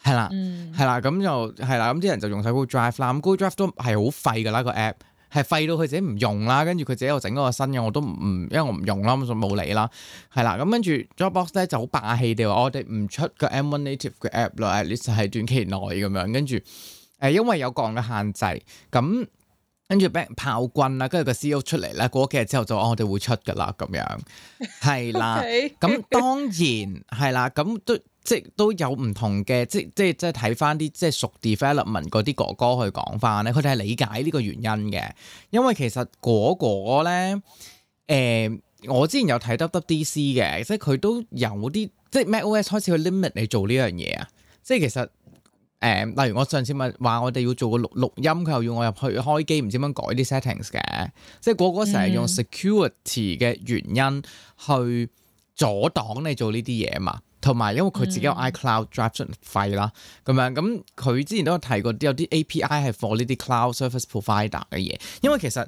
係啦，係、嗯、啦。咁就係啦。咁啲人就用曬 Google Drive 啦。Google Drive 都係好廢噶啦個 App。係廢到佢自己唔用啦，跟住佢自己又整嗰個新嘅，我都唔，因為我唔用啦，咁就冇理啦。係啦，咁跟住 Dropbox 咧就好霸氣地話，我哋唔出個 M1 Native 嘅 app 咯 ，at least 係短期內咁樣。跟住誒、呃，因為有降嘅限制，咁跟住俾人炮轟啦，跟住個 CEO 出嚟咧，過、那個、幾日之後就話我哋會出嘅啦，咁樣係啦。咁當然係啦，咁都。即係都有唔同嘅，即係即係即係睇翻啲即係熟 development 嗰啲哥哥去講翻咧，佢哋係理解呢個原因嘅。因為其實嗰個咧，誒、呃、我之前有睇 WWDC 嘅，即係佢都有啲即係 Mac OS 開始去 limit 你做呢樣嘢啊。即係其實誒、呃、例如我上次問話我哋要做個錄錄音，佢又要我入去開機唔知點樣改啲 settings 嘅。即係嗰個成日用 security 嘅原因去阻擋你做呢啲嘢嘛。同埋，因為佢自己有 iCloud Drive、嗯、f t 出費啦，咁樣咁佢之前都有提過，有啲 API 係 for 呢啲 cloud service provider 嘅嘢。因為其實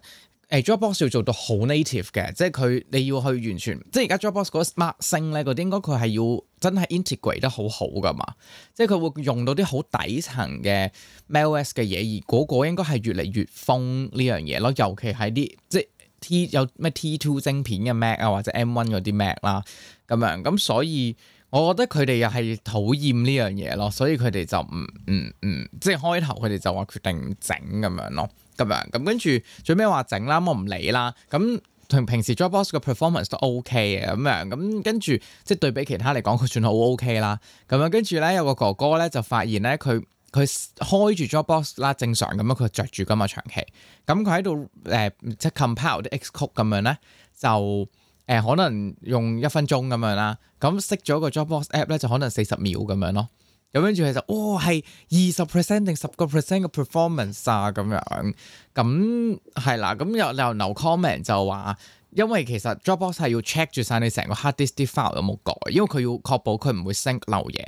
誒 Dropbox 要做到好 native 嘅，即係佢你要去完全，即係而家 Dropbox 嗰個 smart 星咧嗰啲，應該佢係要真係 integrate 得好好噶嘛。即係佢會用到啲好底層嘅 macOS 嘅嘢，而嗰個應該係越嚟越瘋呢樣嘢咯。尤其係啲即係 T 有咩 T2 晶片嘅 Mac 啊，或者 M1 o 嗰啲 Mac 啦，咁樣咁所以。我覺得佢哋又係討厭呢樣嘢咯，所以佢哋就唔唔唔，即係開頭佢哋就話決定唔整咁樣咯，咁樣咁跟住最尾話整啦，我唔理啦。咁同平時 Dropbox 嘅 performance 都 OK 嘅咁樣，咁跟住即係對比其他嚟講，佢算好 OK 啦。咁樣跟住咧，有個哥哥咧就發現咧，佢佢開住 Dropbox 啦，正常咁樣佢着住噶嘛長期。咁佢喺度誒即係 compile 啲 Excel 咁樣咧就。誒可能用一分鐘咁樣啦，咁熄咗個 Dropbox app 咧就可能四十秒咁樣咯，咁跟住佢就：哦「哦係二十 percent 定十個 percent 嘅 performance 啊咁樣，咁係啦，咁又又有 comment 就話，因為其實 Dropbox 係要 check 住晒你成個 hard disk 啲 file 有冇改，因為佢要確保佢唔會 send 漏嘢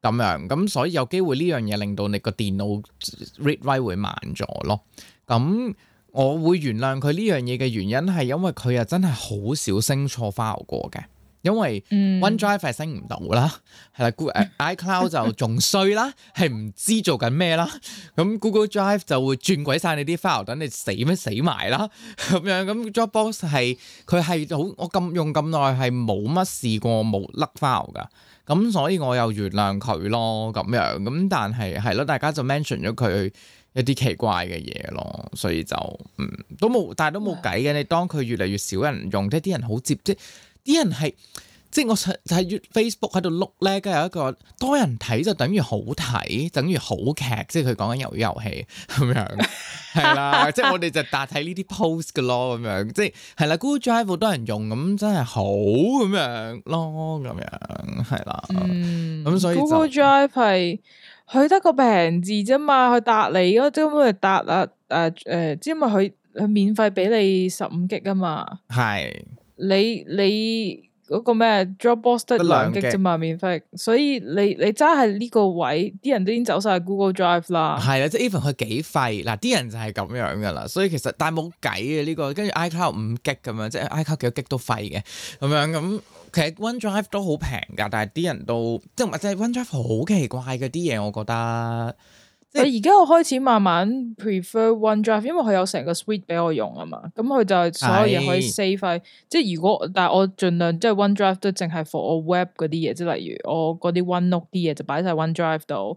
咁樣，咁所以有機會呢樣嘢令到你個電腦 read, read write 會慢咗咯，咁。我會原諒佢呢樣嘢嘅原因係因為佢又真係好少升錯 file 過嘅，因為、嗯、OneDrive 升唔到啦，係啦 iCloud 就仲衰啦，係唔 知做緊咩啦，咁 Google Drive 就會轉鬼晒你啲 file，等你死咩死埋啦咁樣，咁 Dropbox 係，佢係好，我咁用咁耐係冇乜試過冇甩 file 噶，咁所以我又原諒佢咯咁樣，咁但係係咯，大家就 mention 咗佢。一啲奇怪嘅嘢咯，所以就嗯都冇，但係都冇計嘅。你當佢越嚟越少人用，即係啲人好接，即係啲人係即係我上係越 Facebook 喺度碌咧，跟住有一個多人睇就等於好睇，等於好劇，即係佢講緊遊遊戲咁樣，係啦， 即係我哋就大睇呢啲 post 噶咯，咁樣即係係啦，Google Drive 好多人用，咁真係好咁樣咯，咁樣係啦，咁、嗯嗯、所以 Google Drive 係。佢得個平字啫嘛，佢答是你咯，即係咁咪答啊誒誒，即係咪佢佢免費俾你十五激啊嘛？係你你嗰個咩 Dropbox 得兩激啫嘛，免費。所以你你揸係呢個位啲人都已經走晒 Google Drive 啦。係啊，即係 even 佢幾廢嗱，啲人就係咁樣噶啦。所以其實但係冇計嘅呢個，跟住 iCloud 五激咁樣，即係 iCloud 幾多激都廢嘅咁樣咁。其實 OneDrive 都好平噶，但係啲人都即係，或者 OneDrive 好奇怪嘅啲嘢，我覺得即係而家我開始慢慢 prefer OneDrive，因為佢有成個 suite 俾我用啊嘛，咁佢就所有嘢可以 save 翻是。即係如果但係我盡量即係 OneDrive 都淨係 for 我 web 嗰啲嘢，即係例如我嗰啲 OneNote 啲嘢就擺晒 OneDrive 度。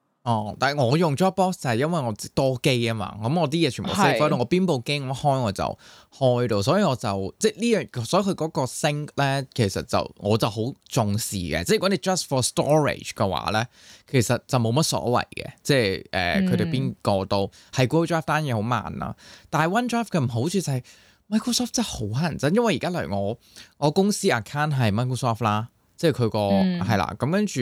哦，但係我用 Dropbox 就係因為我多機啊嘛，咁我啲嘢全部分到我邊部機我開我就開到，所以我就即係呢樣，所以佢嗰個 sync 咧，其實就我就好重視嘅。即係如果你 just for storage 嘅話咧，其實就冇乜所謂嘅。即係誒，佢哋邊個都係 Google Drive 單嘢好慢啦，但係 OneDrive 嘅唔好處就係 Microsoft 真係好乞人憎，因為而家嚟我我公司 account 係 Microsoft 啦，即係佢個係啦，咁跟住。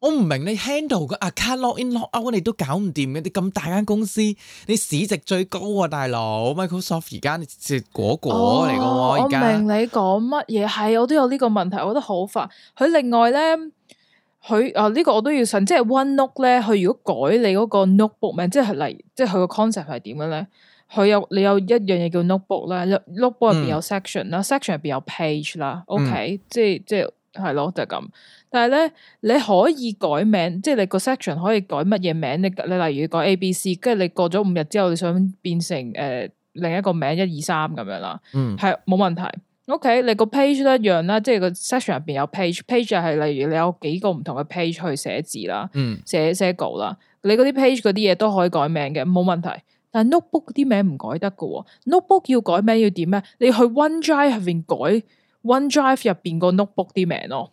我唔明你 handle 個 account login log out，你都搞唔掂嘅。啲咁大間公司，你市值最高啊，大佬 Microsoft 而家你接果果嚟噶、哦。在我唔明你講乜嘢？係我都有呢個問題，我覺得好煩。佢另外咧，佢啊呢、這個我都要信，即係 OneNote 咧，佢如果改你嗰個 notebook 名，即係例如，即係佢個 concept 係點嘅咧？佢有你有一樣嘢叫 notebook 咧，notebook 入邊有 section，那 section 入邊有 page 啦、okay? 嗯。OK，即係即係係咯，就咁。但係咧，你可以改名，即係你個 section 可以改乜嘢名？你你例如你改 A、B、C，跟住你過咗五日之後，你想變成誒、呃、另一個名一二三咁樣啦，係冇、嗯、問題。嗯、O.K. 你個 page 都一樣啦，即係個 section 入邊有 page，page 就係例如你有幾個唔同嘅 page 去寫字啦，寫寫、嗯、稿啦，你嗰啲 page 嗰啲嘢都可以改名嘅，冇問題。但係 notebook 啲名唔改得噶、啊、，notebook 要改名要點咩？你去 One Drive 入邊改 One Drive 入邊個 notebook 啲名咯。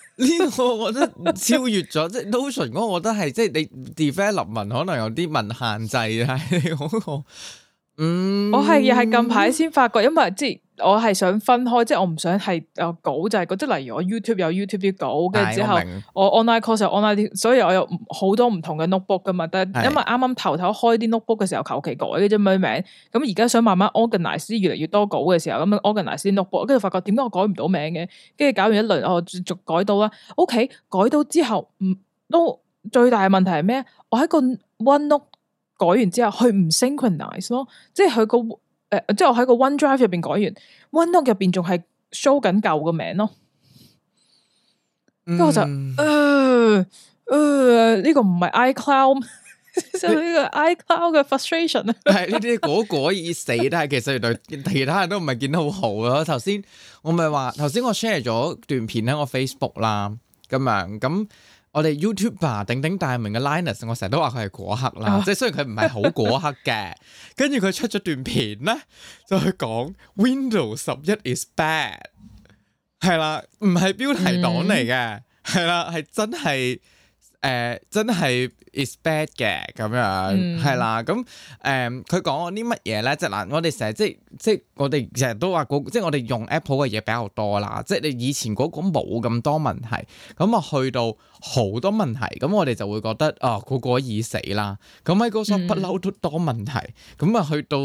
呢 個我覺得超越咗，即係 notion 嗰，我覺得係即係你 defer 立文可能有啲文限制啊，你講過。嗯、我係亦係近排先發覺，因為即係我係想分開，即、就、係、是、我唔想係誒稿，就係覺得例如我 YouTube 有 YouTube 啲稿，跟住、哎、之後我，我 online course 有 online，course，所以我有好多唔同嘅 notebook 噶嘛。但係是因為啱啱頭頭開啲 notebook 嘅時候，求其改嘅啫咩名。咁而家想慢慢 organize 越嚟越多稿嘅時候，咁樣 organize 啲 notebook，跟住發覺點解我改唔到名嘅？跟住搞完一輪，我續改到啦。OK，改到之後唔都最大嘅問題係咩？我喺個 OneNote。Note 改完之後佢唔 synchronize 咯，即係佢個誒，即係我喺個 OneDrive 入邊改完，OneNote 入邊仲係 show 緊舊個名咯。咁、嗯、我就，呢、呃呃這個唔係 iCloud，就呢 個 iCloud 嘅 frustration。係呢啲果果已死，但係其實對其他人都唔係見得好好咯。頭先我咪話，頭先我 share 咗段片喺我 Facebook 啦，咁樣咁。我哋 YouTuber，鼎鼎大名嘅 Linus，我成日都話佢係果黑啦，oh、即係雖然佢唔係好果黑嘅，跟住佢出咗段片咧，就去講 Windows 十一 is bad，係啦，唔係標題黨嚟嘅，係啦、mm，係、hmm. 真係。誒、呃、真係 is bad 嘅咁樣係、嗯、啦，咁誒佢講咗啲乜嘢咧？即係嗱，我哋成日即係即係我哋成日都話即係我哋用 Apple 嘅嘢比較多啦。即係你以前嗰個冇咁多問題，咁啊去到好多問題，咁我哋就會覺得啊，嗰、哦、個,個已死啦。咁喺嗰度不嬲都多問題，咁啊、嗯、去到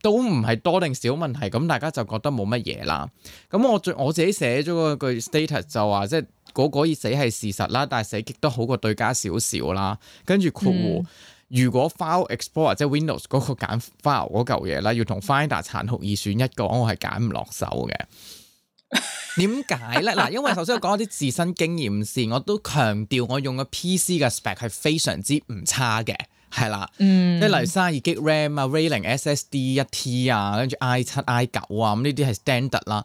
都唔係多定少問題，咁大家就覺得冇乜嘢啦。咁我最我自己寫咗嗰句 status 就話即係。嗰個，個死係事實啦，但係死極都好過對家少少啦。跟住括弧，如果，、嗯、果 File Explorer 即係 Windows 嗰個揀 file 嗰嚿嘢啦，要同 Finder 殘酷二選一嘅話，我係揀唔落手嘅。點解咧？嗱，因為首先我講啲自身經驗先，我都強調我用嘅 PC 嘅 spec 係非常之唔差嘅，係啦，即係、嗯、例如三二 G RAM 啊 RAID 0 SSD 一 T 啊，跟住 I 七 I 九啊，咁呢啲係 standard 啦。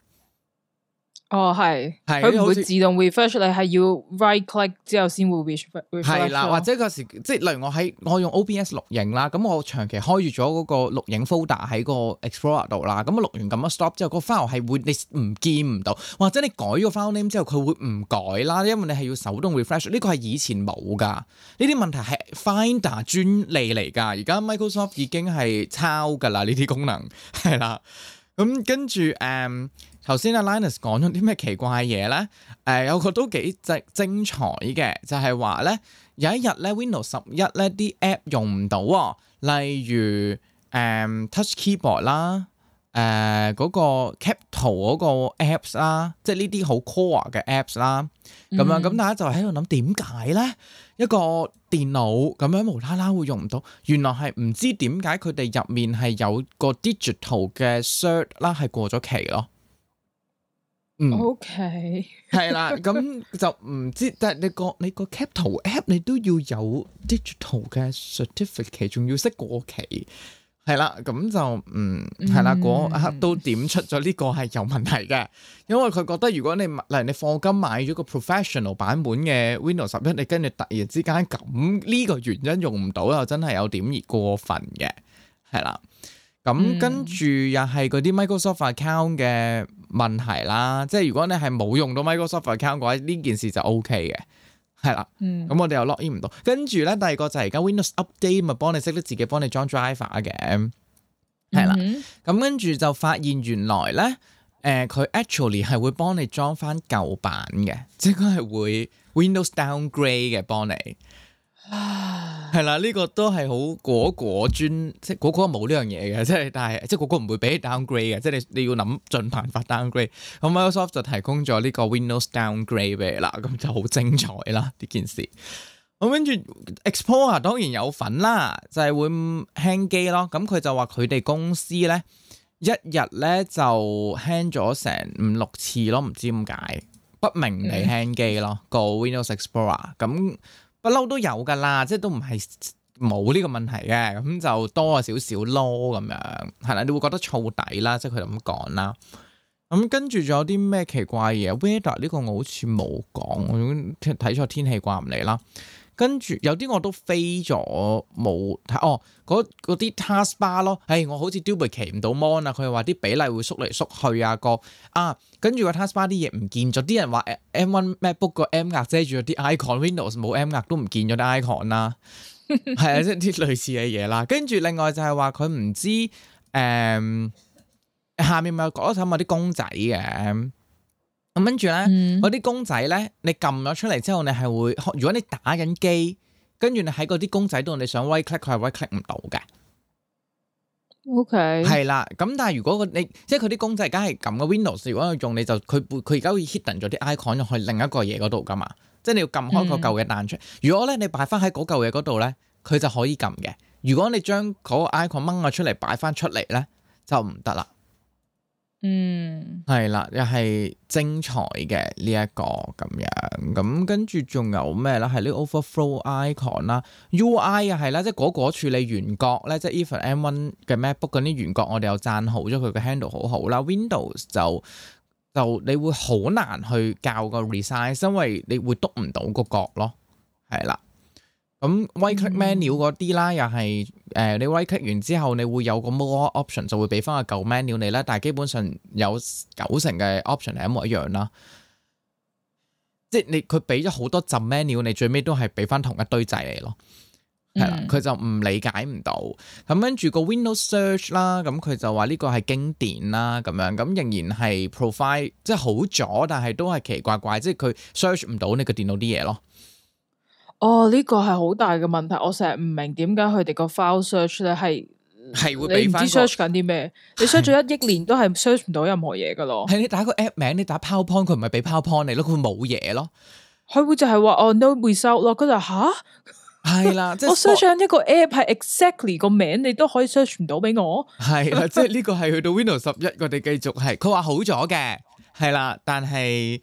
哦，係，佢唔是會自動 refresh 像你，嚟，係要 right click 之後先會 refresh。係啦，或者嗰時，即係例如我喺我用 OBS 錄影啦，咁我長期開住咗嗰個錄影 folder 喺個 Explorer 度啦，咁我錄完咁樣 stop 之後，個 file 係會你唔見唔到，或者你改咗個 file name 之後，佢會唔改啦，因為你係要手動 refresh。呢個係以前冇噶，呢啲問題係 Finder 專利嚟噶，而家 Microsoft 已經係抄噶啦，呢啲功能係啦。咁、嗯、跟住誒。嗯頭先阿 Linus 講咗啲咩奇怪嘢咧？誒、呃，我覺得都幾值精彩嘅，就係話咧有一日咧 Windows 十一咧啲 app 用唔到喎，例如誒、呃、Touch Keyboard 啦，誒、呃、嗰、那個 cap 圖嗰個 apps 啦，即係呢啲好 core 嘅 apps 啦，咁、mm hmm。樣咁大家就喺度諗點解咧？一個電腦咁樣無啦啦會用唔到，原來係唔知點解佢哋入面係有個 digital 嘅 cert 啦，係過咗期咯。O.K. 係啦，咁就唔知，但係你個你個 cap 圖 app 你都要有 digital 嘅 certificate，仲要識過期，係啦，咁就嗯係啦，嗰一刻 都點出咗呢個係有問題嘅，因為佢覺得如果你買，嗱你課金買咗個 professional 版本嘅 Windows 十一，你跟住突然之間咁呢、呢個原因用唔到又真係有點兒過分嘅，係啦。咁、嗯、跟住又係嗰啲 Microsoft Account 嘅問題啦，即係如果你係冇用到 Microsoft Account 嘅話，呢件事就 OK 嘅，係啦。咁、嗯嗯嗯、我哋又 login 唔到。跟住咧，第二個就係而家 Windows Update 咪幫你識得自己幫你裝 driver 嘅，係啦。咁、嗯、哼跟住就發現原來咧，誒、呃、佢 actually 係會幫你裝翻舊版嘅，即係佢係會 Windows downgrade 嘅幫你。係啦，呢個都係好果果專，即係果果冇呢樣嘢嘅，即係但係即係果果唔會俾 downgrade 嘅，即係你你要諗盡辦法 downgrade。咁 Microsoft 就提供咗呢個 Windows downgrade 俾你啦，咁就好精彩啦呢件事。咁跟住 Explorer 當然有份啦，就係會 hang 機咯。咁佢就話佢哋公司咧一日咧就 hang 咗成五六次咯，唔知點解不明你 hang 機咯個 Windows Explorer 咁。不嬲都有噶啦，即係都唔係冇呢個問題嘅，咁、嗯、就多咗少少囉咁樣，係啦，你會覺得燥底啦，即係佢咁講啦。咁、嗯、跟住仲有啲咩奇怪嘢？Weather 呢個我好似冇講，我睇錯天氣掛唔嚟啦。跟住有啲我都飛咗冇睇哦，嗰啲 taskbar 咯，誒我好似 duplicate 唔到 mon 啊，佢又話啲比例會縮嚟縮去啊個啊，跟住個 taskbar 啲嘢唔見咗，啲人話 M1 MacBook 個 M 額遮住咗啲 icon Windows 冇 M 額都唔見咗啲 icon 啦，係啊，即係啲類似嘅嘢啦。跟住另外就係話佢唔知誒、嗯、下面咪嗰一層咪啲公仔嘅。咁跟住咧，嗰啲公仔咧，你撳咗出嚟之後，你係會，如果你打緊機，跟住你喺嗰啲公仔度，你想 right click，佢係 right click 唔到嘅。OK。係啦，咁但係如果你，即係佢啲公仔，梗係撳個 Windows，如果佢用你就佢，佢而家會 hidden 咗啲 icon 去另一個嘢嗰度噶嘛，即係你要撳開個舊嘅彈出。嗯、如果咧你擺翻喺嗰舊嘢嗰度咧，佢就可以撳嘅。如果你將嗰個 icon 掹咗出嚟擺翻出嚟咧，就唔得啦。嗯，係、mm hmm。這個、啦，又係精彩嘅呢一個咁樣，咁跟住仲有咩咧？係呢 overflow icon 啦，UI 啊係啦，即係嗰個處理圓角咧，即係 even M1 嘅 MacBook 嗰啲圓角我，我哋又讚好咗佢嘅 handle 好好啦。Windows 就就你會好難去較個 resize，因為你會督唔到個角咯，係啦。咁 right-click menu 嗰啲啦，又係誒你 right-click 完之後，你會有個 more option，就會俾翻個舊 menu 你啦。但係基本上有九成嘅 option 係一模一樣啦。即係你佢俾咗好多集 menu，你最尾都係俾翻同一堆仔嚟咯。係、嗯、啦，佢就唔理解唔到。咁跟住個 Windows Search 啦，咁佢就話呢個係經典啦，咁樣咁仍然係 profile 即係好咗，但係都係奇怪怪，即係佢 search 唔到你個電腦啲嘢咯。哦，呢個係好大嘅問題，我成日唔明點解佢哋個 file search 咧係係會俾翻，嗯、你 search 緊啲咩？你 search 咗一億年都係 search 唔到任何嘢噶咯？係你打個 app 名，你打 powerpoint，佢唔係俾 powerpoint 你咯，佢冇嘢咯。佢會就係話哦 no result 咯，佢、啊啊、就：「吓係啦。我 search 緊一個 app 係 exactly 個名，你都可以 search 唔到俾我。係啦、啊，即係呢個係去到 Windows 十一，我哋繼續係。佢話好咗嘅，係啦，但係。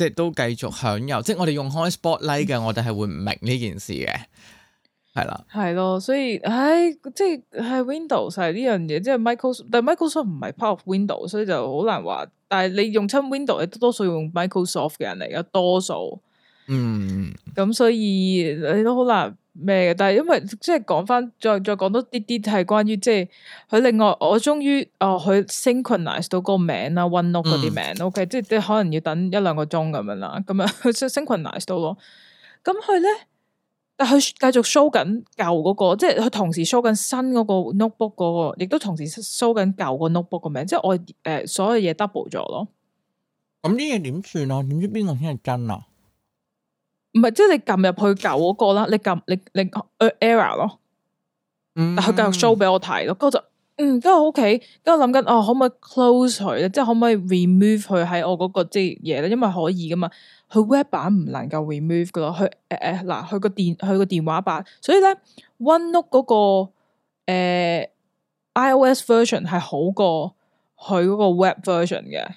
即係都繼續享有，即係我哋用開 Spotlight 嘅，我哋係會唔明呢件事嘅，係啦，係咯，所以，唉，即係 Windows 係呢樣嘢，即係 Microsoft，但係 Microsoft 唔係 part of Windows，所以就好難話。但係你用親 Windows，你多數用 Microsoft 嘅人嚟嘅，多數，嗯，咁所以你都好難。咩嘅？但係因為即係講翻，再再講多啲啲係關於即係佢另外，我終於哦，佢、呃、synchronized 到個名啦，one note 啲名，ok，即係即係可能要等一兩個鐘咁樣啦，咁啊佢 synchronized 到咯。咁佢咧，但係繼續 show 緊舊嗰個，即係佢同時 show 緊新嗰個 notebook、嗰個，亦都同時 show 緊舊個 notebook 個名，即係我誒、呃、所有嘢 double 咗咯。咁呢嘢點算啊？點知邊個先係真啊？唔係，即係你撳入去舊嗰、嗰個啦，你撳你你，你 error 咯，但佢繼續 show 俾我睇咯，咁就嗯，咁我，我、嗯、OK，跟住我諗緊哦，可唔可以 close 佢咧？即係可唔可以 remove 佢喺我嗰個即係嘢咧？因為可以噶嘛，佢 web 版唔能夠 remove 噶咯，佢誒誒嗱，佢、呃、個、呃、電佢個電話版，所以咧 OneNote 嗰、嗰個誒、呃、iOS version 係好過佢嗰個 web version 嘅。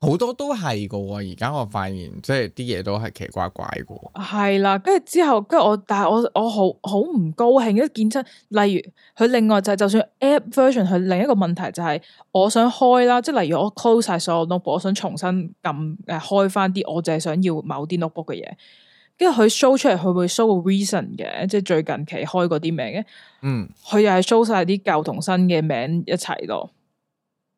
好多都係噶，而家我發現即係啲嘢都係奇怪怪噶。係啦，跟住之後，跟住我，但係我我好好唔高興，因為見出，例如佢另外就係、是，就算 App version，佢另一個問題就係、是，我想開啦，即係例如我 close 晒所有 notebook，我想重新撳誒、呃、開翻啲，我淨係想要某啲 notebook 嘅嘢，跟住佢 show 出嚟，佢會 show 個 reason 嘅，即係最近期開嗰啲名嘅，嗯，佢又係 show 晒啲舊同新嘅名一齊咯。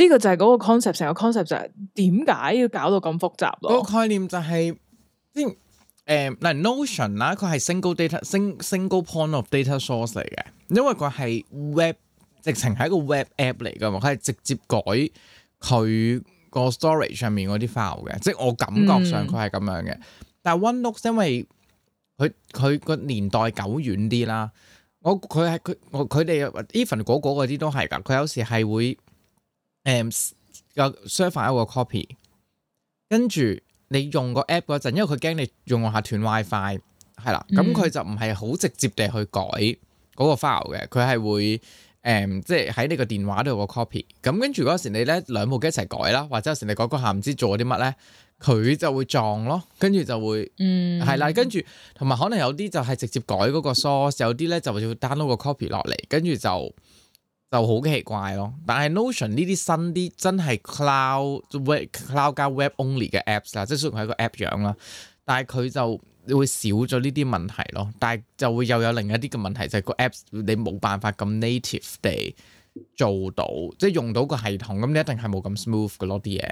呢個就係嗰個 concept，成個 concept 就係點解要搞到咁複雜咯？個概念就係先、就是、誒，嗱 Notion 啦，佢係 single data、sing single point of data source 嚟嘅，因為佢係 web，直情係一個 web app 嚟噶嘛，佢係直接改佢個 storage 上面嗰啲 file 嘅，即係我感覺上佢係咁樣嘅。嗯、但係 OneNote 因為佢佢個年代久遠啲啦，我佢係佢我佢哋 even 嗰個嗰啲都係噶，佢有時係會。誒，個 server 一個 copy，跟住你用個 app 嗰陣、so um, like, like，因為佢驚你用下斷 wifi，係啦，咁佢就唔係好直接地去改嗰個 file 嘅，佢係會誒，即係喺你個電話度個 copy，咁跟住嗰時你咧兩部機一齊改啦，或者有時你改過下唔知做咗啲乜咧，佢就會撞咯，跟住就會，嗯，係啦，跟住同埋可能有啲就係直接改嗰個 source，有啲咧就會要 download 個 copy 落嚟，跟住就。就好奇怪咯，但係 Notion 呢啲新啲真係 cloud cloud 加 web only 嘅 apps 啦，即係雖然係一個 app 樣啦，但係佢就會少咗呢啲問題咯。但係就會又有另一啲嘅問題，就係個 apps 你冇辦法咁 native 地做到，即係用到個系統咁，你一定係冇咁 smooth 嘅咯啲嘢。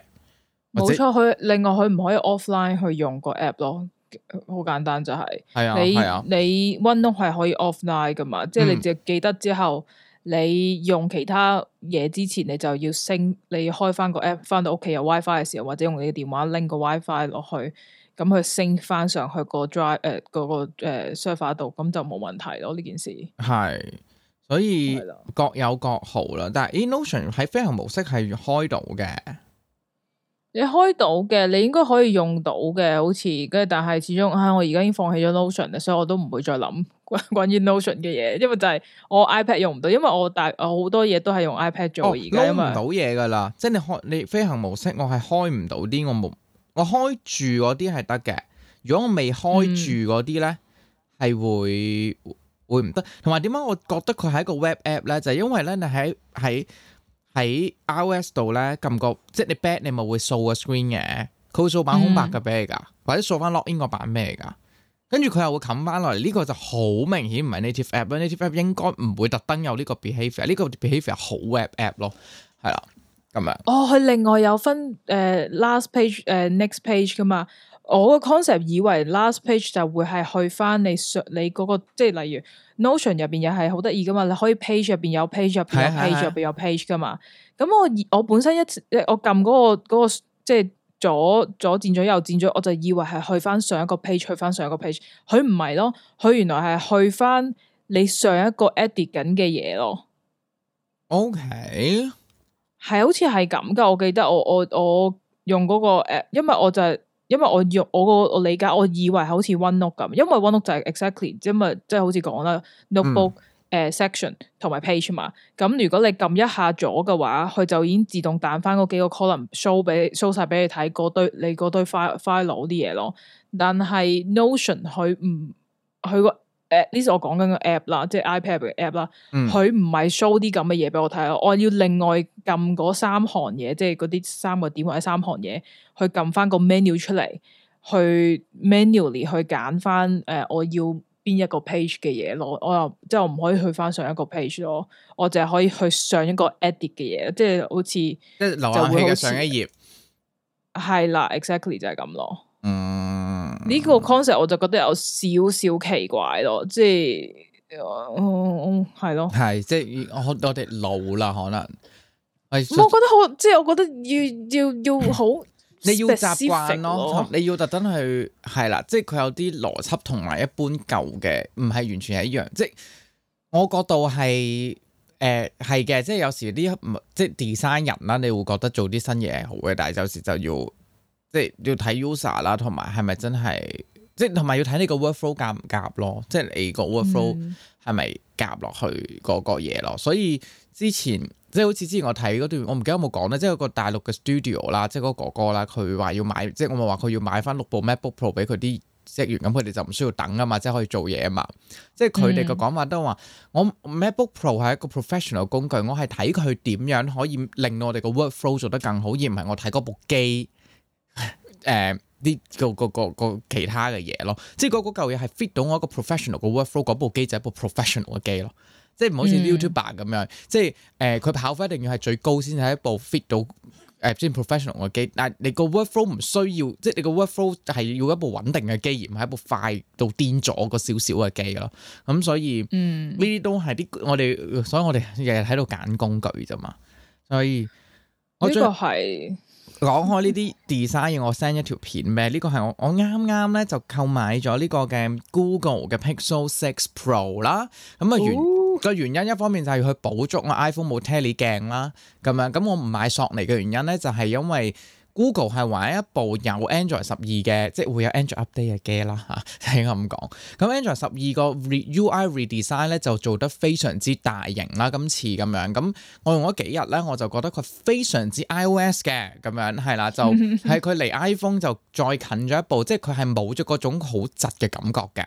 冇錯，佢另外佢唔可以 offline 去用個 app 咯，好簡單就係。係啊，你啊你 OneNote 係可以 offline 噶嘛？即係你淨係記得之後。嗯你用其他嘢之前，你就要升，你開翻個 app，翻到屋企有 WiFi 嘅時候，或者用你嘅電話拎個 WiFi 落去，咁去升翻上去個 drive 誒、呃、嗰、嗰個誒 server 度，咁、呃、就冇問題咯。呢件事係，所以各有各好啦。的但係 Inotion 喺飛行模式係開到嘅。你開到嘅，你應該可以用到嘅，好似跟住，但係始終，唉，我而家已經放棄咗 Notion 啦，所以我都唔會再諗關關於 Notion 嘅嘢，因為就係我 iPad 用唔到，因為我大我好多嘢都係用 iPad 做而家。撈唔到嘢噶啦，為即係你開你飛行模式，我係開唔到啲，我冇我開住嗰啲係得嘅。如果我未開住嗰啲咧，係、嗯、會會唔得。同埋點解我覺得佢係一個 web app 咧，就係、因為咧你喺喺。喺 iOS 度咧，撳個即係你 back 你咪會掃個 screen 嘅，佢會掃版空白嘅俾你噶，嗯、或者掃翻落 login 版咩噶，跟住佢又會冚翻落嚟。呢、呢個就好明顯唔係 native app，native app 應該唔會特登有呢個 behavior，呢個 behavior 好 web app 咯，係啦，咁樣，哦，佢另外有分誒、呃、last page 誒、呃、next page 噶嘛。我個 concept 以為 last page 就會係去翻你上你嗰個，即係例如 Notion 入邊又係好得意噶嘛，你可以 page 入邊有 page 入邊有 page 入邊有 page 噶嘛。咁是的 我我本身一我撳嗰個嗰個即係左左轉咗右轉咗，我就以為係去翻上一個 page 去翻上一個 page，佢唔係咯，佢原來係去翻你上一個 edit 緊嘅嘢咯。OK，係好似係咁噶，我記得我我我用嗰個誒，因為我就係因為我用我個我理解，我以為係好似 OneNote 咁，因為 OneNote 就係 exactly，即係即係好似講啦，notebook 誒、嗯呃、section 同埋 page 嘛。咁、嗯、如果你撳一下咗嘅話，佢就已經自動彈翻嗰幾個 column show 俾 show 曬俾你睇嗰堆你嗰堆 file file 啲嘢咯。但係 Notion 佢唔佢個。誒，呢次我講緊個 app 啦，即係 iPad 嘅 app 啦，佢唔係 show 啲咁嘅嘢俾我睇啦，我要另外撳嗰三行嘢，即係嗰啲三個點或者三行嘢去撳翻個 menu 出嚟，去 manually 去揀翻誒我要邊一個 page 嘅嘢攞，我又即係我唔可以去翻上一個 page 咯，我淨係可以去上一個 edit 嘅嘢，即係好似即係瀏覽器嘅上一頁，係啦，exactly 就係咁咯，嗯。呢、嗯、個 concept 我就覺得有少少奇怪咯，即係，哦、嗯，係、嗯、咯，係，即係我我哋老啦，可能。嗯、我覺得好，即係我覺得要要要好，你要習慣性咯，咯你要特登去，係啦，即係佢有啲邏輯同埋一般舊嘅，唔係完全係一樣，即係我角度係，誒、呃，係嘅，即係有時啲，即係 design 人啦，你會覺得做啲新嘢係好嘅，但係有時就要。即係要睇 user 啦，同埋係咪真係，即係同埋要睇你個 workflow 夾唔夾咯，即係你個 workflow 係咪夾落去嗰個嘢咯？嗯、所以之前即係好似之前我睇嗰段，我唔記得有冇講咧，即係一個大陸嘅 studio 啦，即係嗰個哥哥啦，佢話要買，即係我咪話佢要買翻六部 MacBook Pro 俾佢啲職員，咁佢哋就唔需要等啊嘛，即係可以做嘢啊嘛。即係佢哋嘅講法都話，我 MacBook Pro 係一個 professional 工具，我係睇佢點樣可以令到我哋個 workflow 做得更好，而唔係我睇嗰部機。誒啲、呃、個個個個其他嘅嘢咯，即係嗰嚿嘢係 fit 到我一個 professional 個 workflow，嗰部機就係一部 professional 嘅機咯，即係唔好似 YouTuber 咁樣，嗯、即係誒佢跑分一定要係最高先係一部 fit 到誒、呃、即 professional 嘅機，但係你個 workflow 唔需要，即係你個 workflow 係要一部穩定嘅機，而唔係一部快到癲咗個少少嘅機咯。咁、嗯嗯、所以呢啲都係啲我哋，所以我哋日日喺度揀工具啫嘛。所以呢個係。講開呢啲 design，我 send 一條片咩？剛剛呢個係我我啱啱咧就購買咗呢個嘅 Google 嘅 Pixel Six Pro 啦。咁啊原個原因一方面就係去補足我 iPhone 冇 Tele 鏡啦。咁樣，咁我唔買索尼嘅原因咧就係、是、因為。Google 係玩一部有 Android 十二嘅，即係會有 Android update 嘅機啦嚇，應該咁講。咁 Android 十二個 RE, UI redesign 咧就做得非常之大型啦，今次咁樣。咁我用咗幾日咧，我就覺得佢非常之 iOS 嘅咁樣，係啦，就係、是、佢離 iPhone 就再近咗一步， 即係佢係冇咗嗰種好窒嘅感覺嘅。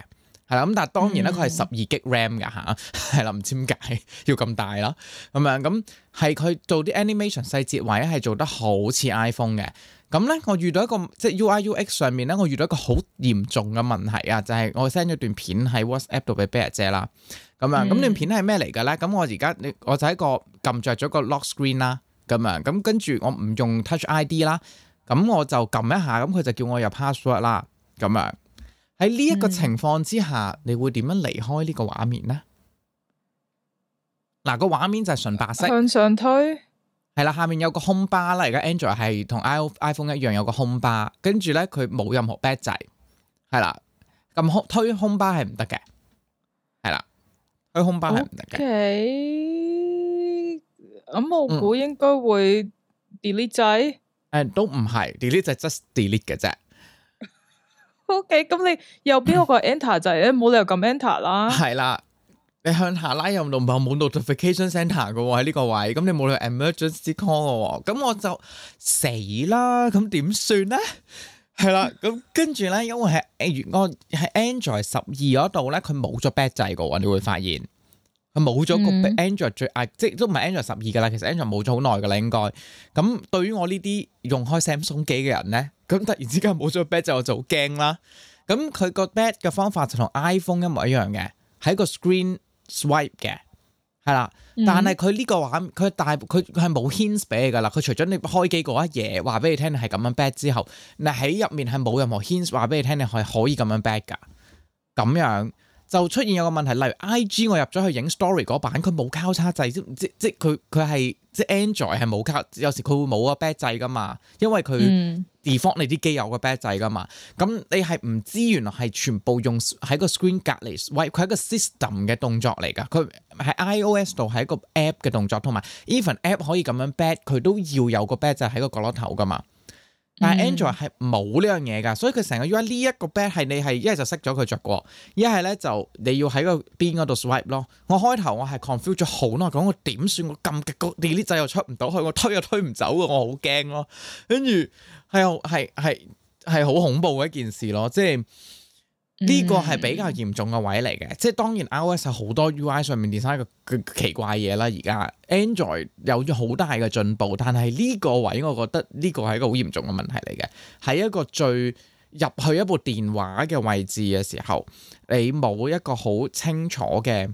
係咁，但係當然咧，佢係十二 GB RAM 嘅嚇，係咁， 唔知點解 要咁大咯咁樣咁，係佢做啲 animation 細節，或者係做得好似 iPhone 嘅。咁咧，我遇到一個即係 U I U X 上面咧，我遇到一個好嚴重嘅問題啊！就係、是、我 send 咗段片喺 WhatsApp 度俾 bear 姐啦，咁樣咁、嗯、段片係咩嚟嘅咧？咁我而家你我就喺個撳着咗個 lock screen 啦，咁樣咁跟住我唔用 Touch I D 啦，咁我就撳一下，咁佢就叫我入 password 啦，咁樣。喺呢一個情況之下，嗯、你會點樣離開呢個畫面呢？嗱，個畫面就係純白色，向上推，係啦。下面有個 home bar 啦，而家 Android 係同 iPhone、iPhone 一樣有個 home bar，跟住咧佢冇任何 back 仔，掣，係啦。咁空推 home bar 係唔得嘅，係啦。推 home bar 係唔得嘅。咁、okay，我估應該會 delete 掣、嗯。誒、欸，都唔係 del delete 掣即 delete 嘅啫。O K，咁你右邊嗰個 Enter 就係冇理由撳 Enter 啦。係啦 ，你向下拉又唔同，冇 Notification Center 噶喎、哦，喺呢個位。咁你冇理由 Emergency Call 噶喎、哦。咁我就死啦，咁點算咧？係啦，咁跟住咧，因為係越我係 Android 十二嗰度咧，佢冇咗 back 掣噶喎，你會發現佢冇咗個 Android 最，mm. 啊、即都唔係 Android 十二噶啦。其實 Android 冇咗好耐噶啦，應該。咁對於我呢啲用開 Samsung 機嘅人咧？咁突然之間冇咗 back 就好驚啦。咁佢個 back 嘅方法就同 iPhone 一模一樣嘅，係個 screen swipe 嘅，係啦。嗯、但係佢呢個話佢帶佢係冇 hint 俾你噶啦。佢除咗你開機嗰一嘢話俾你聽係咁樣 back 之後，你喺入面係冇任何 hint 話俾你聽，你係可以咁樣 back 噶。咁樣。就出現有個問題，例如 IG 我入咗去影 story 嗰版，佢冇交叉掣先，即即佢佢係即，即 Android 係冇交叉，有時佢會冇個 back 掣㗎嘛，因為佢 default 你啲機有個 back 掣㗎嘛。咁你係唔知原來係全部用喺個 screen 隔離，喂佢係一個 system 嘅動作嚟㗎，佢喺 iOS 度係一個 app 嘅動作，同埋 even app 可以咁樣 back 佢都要有個 back 掣喺個角落頭㗎嘛。嗯、但係 Android 係冇呢樣嘢噶，所以佢成日要喺呢一個 back 係你係一係就識咗佢着過，一係咧就你要喺個邊嗰度 swipe 咯。我開頭我係 confuse 咗好耐，講我點算？我咁撳個 delete 掣又出唔到去，我推又推唔走，我好驚咯。跟住係係係係好恐怖嘅一件事咯，即係。呢個係比較嚴重嘅位嚟嘅，即係當然 iOS 好多 UI 上面 design 一個奇怪嘢啦。而家 Android 有咗好大嘅進步，但係呢個位我覺得呢個係一個好嚴重嘅問題嚟嘅。喺一個最入去一部電話嘅位置嘅時候，你冇一個好清楚嘅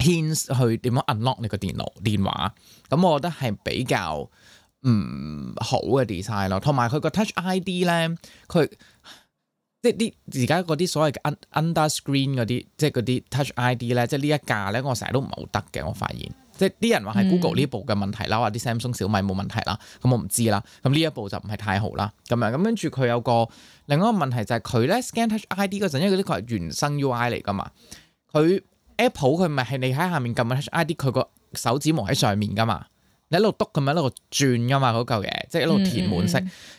hint 去點樣 unlock 你個電腦電話，咁我覺得係比較唔好嘅 design 咯。同埋佢個 Touch ID 咧，佢。即係啲而家嗰啲所謂嘅 under screen 嗰啲，即係嗰啲 touch ID 咧，即係呢一架咧，我成日都唔係好得嘅。我發現，即係啲人話係 Google 呢部嘅問題啦，話啲 Samsung、小米冇問題啦，咁我唔知啦。咁呢一部就唔係太好啦。咁樣，咁跟住佢有個另外一個問題就係佢咧 scan touch ID 嗰陣，因為呢個係原生 UI 嚟噶嘛。佢 Apple 佢咪係你喺下面撳 touch ID，佢個手指模喺上面噶嘛，你一路督，咁樣，一路轉噶嘛，嗰嚿嘢，即係一路填滿色。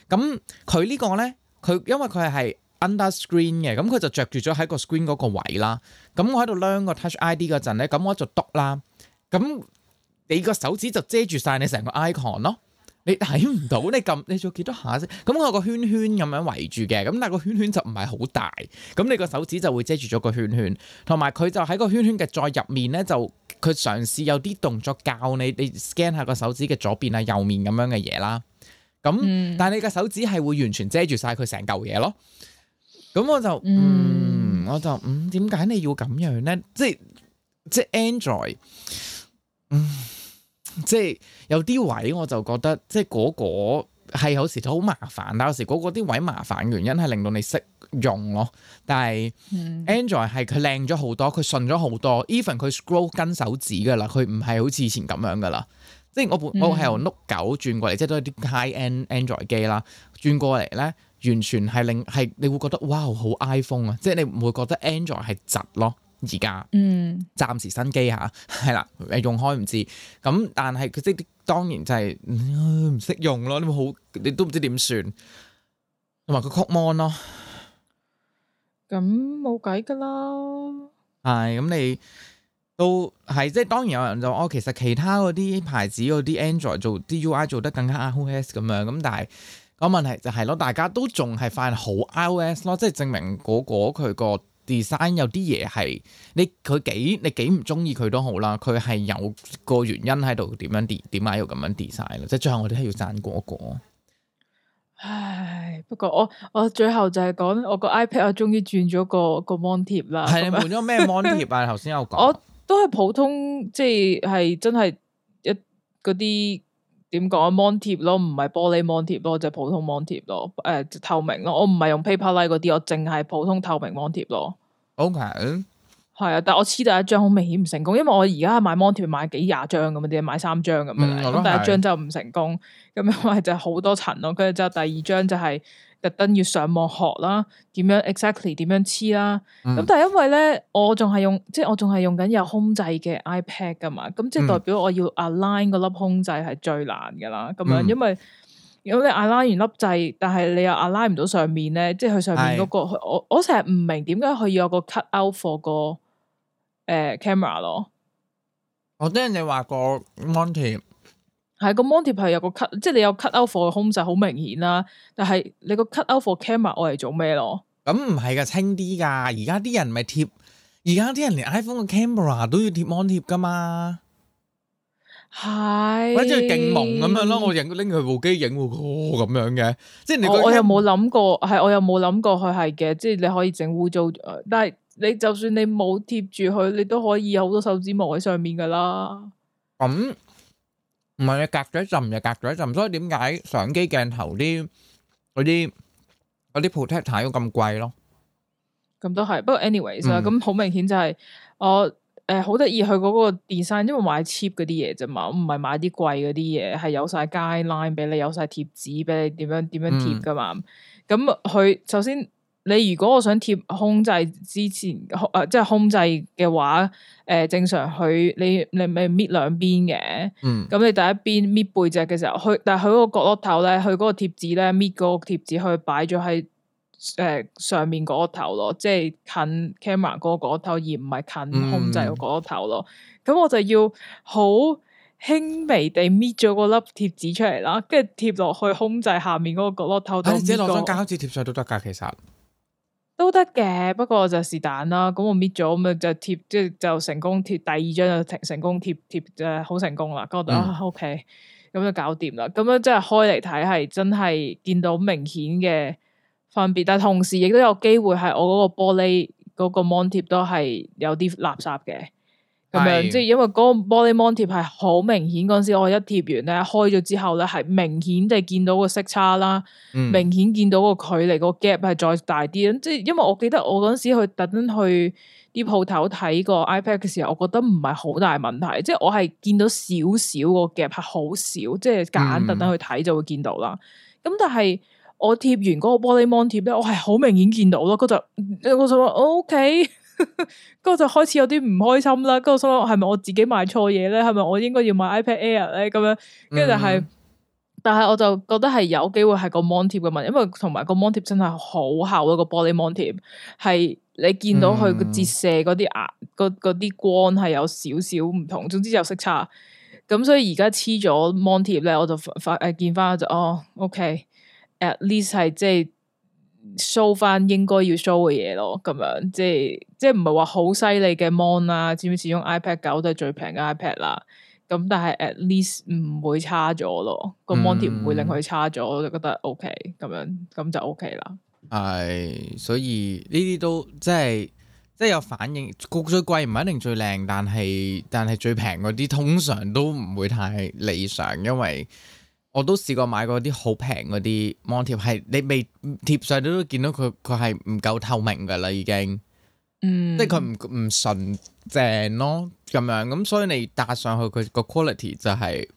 咁佢、嗯嗯、呢個咧，佢因為佢係。under screen 嘅，咁佢就着住咗喺個 screen 嗰個位啦。咁、嗯、我喺度 learn 個 touch ID 嗰陣咧，咁、嗯、我就篤啦。咁、嗯、你個手指就遮住晒你成個 icon 咯，你睇唔到。你撳你做幾多下先？咁我個圈圈咁樣圍住嘅，咁但係個圈圈就唔係好大。咁、嗯、你個手指就會遮住咗個圈圈，同埋佢就喺個圈圈嘅再入面咧，就佢嘗試有啲動作教你，你 scan 下個手指嘅左邊啊、右面咁樣嘅嘢啦。咁、嗯嗯、但係你個手指係會完全遮住晒佢成嚿嘢咯。咁我就嗯，嗯，我就嗯，點解你要咁樣咧？即係即係 Android，嗯，即係有啲位我就覺得，即係嗰個係有時都好麻煩，但有時嗰個啲位麻煩原因係令到你識用咯。但係 Android 係佢靚咗好多，佢順咗好多，even 佢 scroll 跟手指噶啦，佢唔係好似以前咁樣噶啦。即係我本我係由 Note 9轉過嚟，嗯、即係都係啲 high-end Android 機啦，轉過嚟咧。完全係令係你會覺得哇好 iPhone 啊，即係你唔會覺得 Android 係窒咯。而家暫時新機嚇係啦，用開唔知咁，但係佢即係當然就係唔識用咯，你好你都唔知點算，同埋佢曲 Mon 咯。咁冇計㗎啦。係咁，你都係、嗯、即係當然有人就哦，其實其他嗰啲牌子嗰啲 Android 做啲 UI 做得更加啊 iOS 咁樣咁，但係。個問題就係、是、咯，大家都仲係發現好 iOS 咯，即係證明嗰個佢個 design 有啲嘢係你佢幾你幾唔中意佢都好啦，佢係有個原因喺度點樣 design 點解要咁樣 design 咯，即係最後我哋係要讚嗰個，個。唉，不過我我最後就係講我，iPad，我終於轉個 iPad 的 啊，終於轉咗個個 Mon 貼啦。係你換咗咩 Mon 貼啊？頭先有講我都係普通，即係係真係一嗰啲。點講啊？蒙貼咯，唔係玻璃 mon 貼咯，就普通 mon 貼咯，誒、呃，透明咯。我唔係用 paper like 嗰啲，我淨係普通透明蒙貼咯。OK，係啊，但係我黐第一張好明顯唔成功，因為我而家買蒙貼買幾廿張咁嘅啲，買三張咁，咁、嗯、第一張就唔成功，咁樣咪就好多層咯。跟住之後就第二張就係、是。特登要上網學啦，點樣 exactly 點樣黐啦，咁、嗯、但係因為咧，我仲係用 Pad,、嗯、即係我仲係用緊有空制嘅 iPad 噶嘛，咁即係代表我要 align 嗰粒空制係最難噶啦，咁樣、嗯、因為如果你 align 完粒掣，但係你又 align 唔到上面咧，即係佢上面嗰、嗰個，是我我成日唔明點解佢要有個 cut out for、個誒、呃、camera 咯。我聽你話過 Monkey 係個 mon 貼係有個 cut，即係你有 cut out for 嘅控制好明顯啦。但係你個 cut out for camera 我係做咩咯？咁唔係噶，清啲噶。而家啲人咪貼，而家啲人連 iPhone 嘅 camera 都要貼 mon 貼噶嘛？係的或者係勁蒙咁樣咯？我影拎佢部機影哦咁樣嘅，即係你我,我又冇諗過，係我又冇諗過佢係嘅。即係你可以整污糟，但係你就算你冇貼住佢，你都可以有好多手指毛喺上面噶啦。咁、嗯。唔係你隔咗一陣就隔咗一陣，所以點解相機鏡頭啲嗰啲啲 protector 都咁貴咯？咁都係，不過 anyways 咁好、嗯啊、明顯就係我誒好得意佢嗰個 design 因為買 cheap 嗰啲嘢啫嘛，我唔係買啲貴嗰啲嘢，係有晒 guideline 俾你，有晒貼紙俾你點樣點樣貼噶嘛。咁佢首先。你如果我想貼控制之前，誒、呃、即係控制嘅話，誒、呃、正常佢你你咪搣兩邊嘅，咁、嗯、你第一邊搣背脊嘅時候，佢，但係嗰個角落頭咧，佢嗰個貼紙咧搣嗰個貼紙去擺咗喺誒上面嗰個頭咯，即係近 camera 哥嗰個頭角落，而唔係近控制嘅角落頭咯、嗯。咁我就要好輕微地搣咗嗰粒貼紙出嚟啦，跟住貼落去控制下面嗰個角落頭。你自己攞張膠紙貼上都得㗎、那個嗯，其實、嗯。都得嘅，不過就係是但啦。咁我搣咗，咁咪就貼，即係就成功貼第二張就成功貼貼就成功貼貼就好成功啦。咁、嗯、我啊 OK，咁就搞掂啦。咁樣即係開嚟睇係真係見到明顯嘅分別，但同時亦都有機會係我嗰個玻璃嗰個 mon 貼都係有啲垃圾嘅。咁樣即係因為嗰個玻璃蒙貼係好明顯，嗰時我一貼完咧，開咗之後咧係明顯地見到個色差啦，嗯、明顯見到個距離、嗰個距離個 gap 係再大啲。即係因為我記得我嗰時特去特登去啲鋪頭睇個 iPad 嘅時候，我覺得唔係好大問題，即、就、係、係、我係見到少少個 gap 係好少，即係夾硬特登去睇就會見到啦。咁、嗯、但係我貼完嗰個玻璃蒙貼咧，我係好明顯見到咯，嗰陣我就話 O K。Okay 嗰個 就開始有啲唔開心啦，嗰個心諗係咪我自己買錯嘢咧？係咪我應該要買 iPad Air 咧？咁樣，跟住就係、是，嗯、但係我就覺得係有機會係個 mon 貼嘅問題，因為同埋個 mon 貼真係好厚啊，個玻璃 mon 貼，係你見到佢折射嗰啲眼，啲光係有少少唔同，總之有色差。咁所以而家黐咗 mon 貼咧，我就發誒見翻就哦，OK，at least 係即係。show 翻應該要 show 嘅嘢咯，咁樣即係即係唔係話好犀利嘅 mon 啦，知唔知？始終 iPad 九都係最平嘅 iPad 啦，咁但係 at least 唔會差咗咯，個 mon 唔會令佢差咗，嗯、我就覺得 ok 咁樣，咁就 ok 啦。係、呃，所以呢啲都即係即係有反應，最貴唔係一定最靚，但係但係最平嗰啲通常都唔會太理想，因為。我都試過買過啲好平嗰啲網貼，係你未貼上都都見到佢，佢係唔夠透明㗎啦，已經，mm，即係佢唔唔純正咯，咁樣，咁所以你搭上去佢個 quality 就係、是。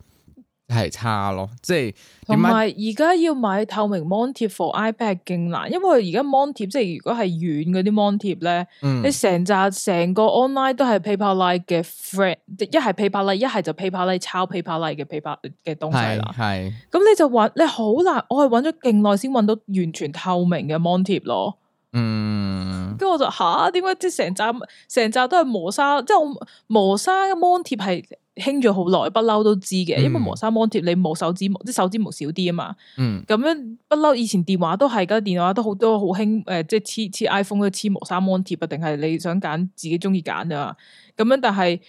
係差咯，即係同埋而家要買透明 Mon 貼 for iPad 勁難，因為而家 Mon 貼即係如果係軟嗰啲 Mon 貼咧，嗯、你成扎成個 online 都係 paper like 嘅 friend，一係 paper like，一係就 paper like 抄 paper like 嘅 paper 嘅東西啦。係咁你就揾你好難，我係揾咗勁耐先揾到完全透明嘅 Mon 貼咯。嗯，跟住我就吓，點解即係成扎成扎都係磨砂？即係我磨砂嘅 Mon 貼係。興咗好耐，不嬲都知嘅，因為磨砂 Mon 貼你冇手指毛，即係手指毛少啲啊嘛。咁、嗯、樣不嬲，以前電話都係，而家電話都好多好興，誒、呃，即係黐黐 iPhone 嗰黐磨砂 Mon 貼啊，定係你想揀自己中意揀啊？咁樣但係，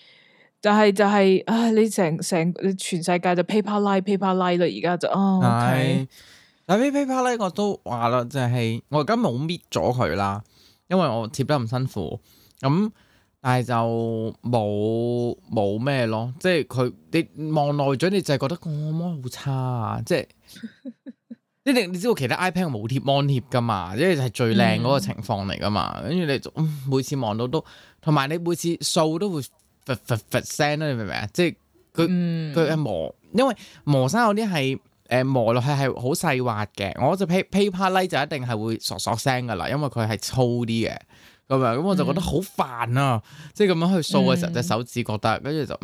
就係、是、就係、是、啊！你成成全世界就 Paperlike Paperlike 啦，而家就啊，係啊 Paperlike 我都話啦，就係、是、我而家冇搣咗佢啦，因為我貼得咁辛苦咁。但係就冇冇咩咯，即係佢你望耐咗，你就係覺得個膜、哦、好差啊！即係一定， 你知道其他 iPad 冇貼安貼噶嘛，即係最靚嗰個情況嚟噶嘛。跟住、嗯、你就、嗯、每次望到都，同埋你每次掃都會拂拂拂聲啦，你明唔明啊？即係佢佢係磨，因為磨砂有啲係誒磨落去係好細滑嘅，我隻 paperlike 就一定係會索索聲噶啦，因為佢係粗啲嘅。咁樣，咁我就覺得好煩啊！嗯、即係咁樣去掃嘅時候，隻、嗯、手指覺得，跟住就，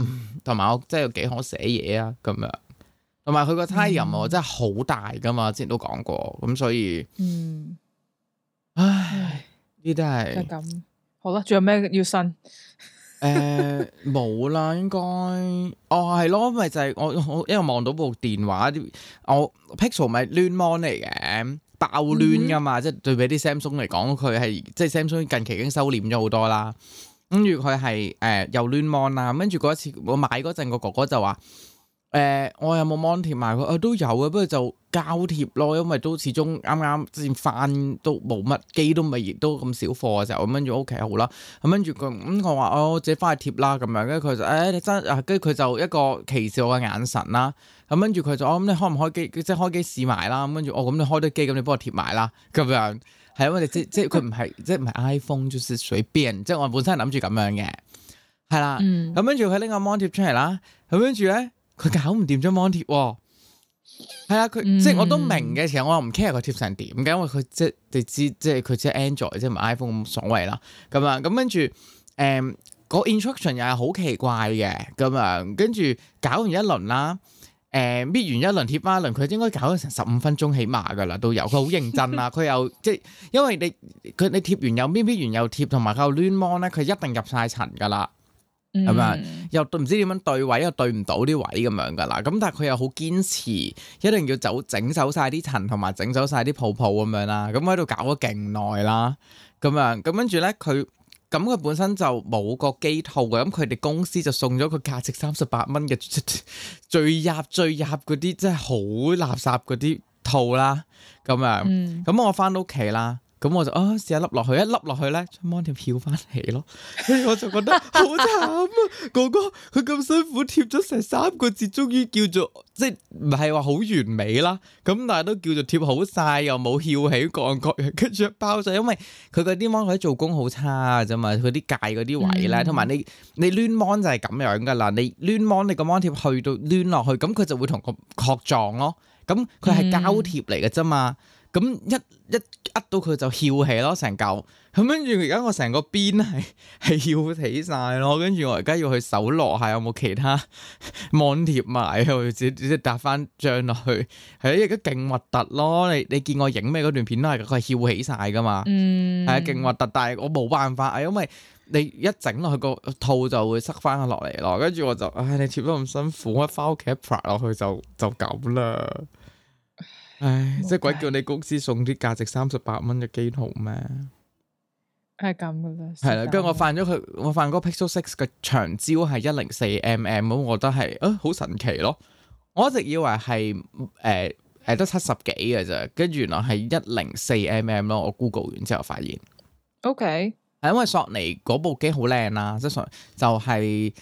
同、嗯、埋我真係有幾可寫嘢啊！咁樣，同埋佢個差人我真係好大噶嘛，嗯、之前都講過，咁所以，嗯，唉，呢啲係，咁好啦，仲有咩要呻？誒，冇啦，應該， 哦係咯，咪就係、是、我我因為望到部電話，我 Pixel 咪亂摸嚟嘅。爆亂㗎嘛，即係對比啲 Samsung 嚟講，佢係即係 Samsung 近期已經收斂咗好多、呃、啦。跟住佢係誒又亂 mon 啦，跟住嗰一次我買嗰陣，個哥哥就話誒、呃、我有冇 mon 貼埋佢？我、啊、都有嘅，不過就膠貼咯，因為都始終啱啱之前翻都冇乜機都唔係都咁少貨嘅時候。咁跟住屋企好啦，咁跟住佢咁我話、哦、我自己翻去貼啦咁樣，跟住佢就誒、哎、真，跟住佢就一個歧視我嘅眼神啦。咁跟住佢就我諗你開唔開機，即係開機試埋啦。咁跟住哦，咁你開咗機，咁你幫我貼埋啦。咁樣係因為你即係佢唔係即係唔係 iPhone，就隨便。即係我本身係諗住咁樣嘅，係、嗯、啦。咁跟住佢拎個膜貼出嚟啦。咁跟住咧，佢搞唔掂張膜貼。係啊，佢即係我都明嘅，時候，我又唔 care 佢貼成點，嘅，因為佢即係你知，即係佢隻 Android 即係唔係 iPhone 咁所謂啦。咁、嗯、啊，咁跟住誒，nd, 嗯這個 instruction 又係好奇怪嘅。咁樣跟住搞完一輪啦。搣、呃、完一輪貼翻一輪，佢應該搞咗成十五分鐘起碼㗎啦，都有佢好認真啦、啊。佢 又即係因為你佢你貼完又搣，搣完又貼，同埋佢攣摸咧，佢一定入晒塵㗎啦，係咪、嗯、又唔知點樣對位，又對唔到啲位咁樣㗎啦。咁但係佢又好堅持，一定要走整走晒啲塵，同埋整走晒啲泡泡咁樣啦。咁喺度搞咗勁耐啦，咁樣咁跟住咧佢，咁佢本身就冇個機套嘅，咁佢哋公司就送咗個價值三十八蚊嘅最入最入嗰啲，真係好垃圾嗰啲套啦，咁樣，咁、嗯、我返到屋企啦。咁我就啊試下笠落去，一笠落去咧，將 mon 貼翹翻起咯，所以我就覺得好慘啊！哥哥佢咁辛苦貼咗成三個字，終於叫做即係唔係話好完美啦，咁但係都叫做貼好曬，又冇翹起鋼軌，跟住包曬，因為佢嗰啲 mon 軌做工好差啫嘛，佢啲界嗰啲位咧，同埋你你攣 mon 就係咁樣噶啦，你攣 mon 你個 mon 貼去到攣落去，咁佢就會同個殼撞咯，咁佢係膠貼嚟嘅啫嘛。咁、嗯、一一扼到佢就翹起咯，成嚿咁，跟住而家我成個邊係係翹起晒咯，跟住我而家要去搜羅下有冇其他網貼埋，直接搭翻張落去，係、哎、啊，而家勁核突咯！你你見我影咩嗰段片都係佢翹起晒噶嘛，係啊、嗯，勁核突，但係我冇辦法，係、哎、因為你一整落去個套就會塞翻落嚟咯，跟住我就唉、哎，你貼得咁辛苦，我一翻屋企一拍落去就就咁啦。唉，即係鬼叫你公司送啲價值三十八蚊嘅機套咩？係咁噶啦，係啦，跟住我發現咗佢，我發現個 Pixel Six 嘅長焦係一零四 mm，咁我覺得係啊好神奇咯。我一直以為係誒誒得七十幾嘅啫，跟住原來係一零四 mm 咯。我 Google 完之後發現，OK 係因為索尼嗰部機好靚啦，即係就係。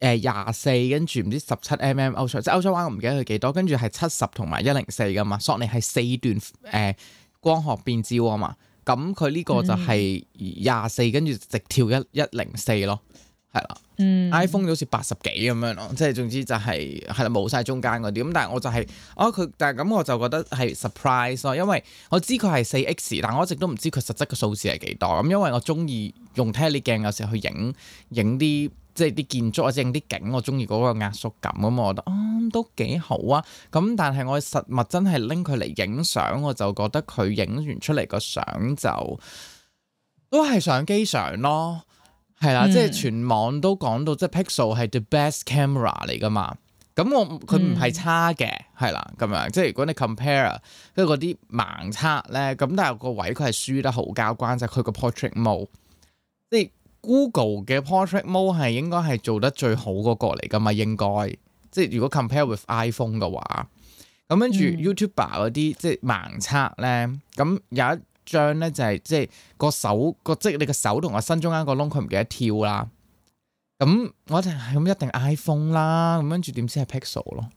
誒廿四，跟住唔知十七 mm Ultra，即係歐洲灣我唔記得佢幾多，跟住係七十同埋一零四噶嘛。索尼係四段誒、呃、光學變焦啊嘛，咁佢呢個就係廿四，跟住直跳一一零四咯，係啦。嗯、iPhone 好似八十幾咁樣咯，即係總之就係係啦，冇晒中間嗰啲。咁但係我就係哦佢，但係咁我就覺得係 surprise 咯，因為我知佢係四 X，但我一直都唔知佢實質嘅數字係幾多。咁因為我中意用 tele 鏡有時候去影影啲，即係啲建築或者啲景，我中意嗰個壓縮感吖嘛。我覺得啊都幾好啊。咁但係我實物真係拎佢嚟影相，我就覺得佢影完出嚟個相就都係相機相咯。係啦、啊，嗯、即係全網都講到即係 Pixel 係 the best camera 嚟㗎嘛。咁我佢唔係差嘅，係啦咁樣。即係如果你 compare 跟嗰啲盲測咧，咁但係個位佢係輸得好交關，就係、是、佢個 portrait mode 即係。Google 嘅 portrait mode 係應該係做得最好嗰個嚟㗎嘛，應該即係如果 compare with iPhone 嘅話，咁跟住 YouTuber 嗰啲即盲測咧，咁有一張咧就係、是、即係個手個即你個手同個身中間個窿佢唔記得跳啦，咁我就咁一定 iPhone 啦，咁跟住點先係 Pixel 咯？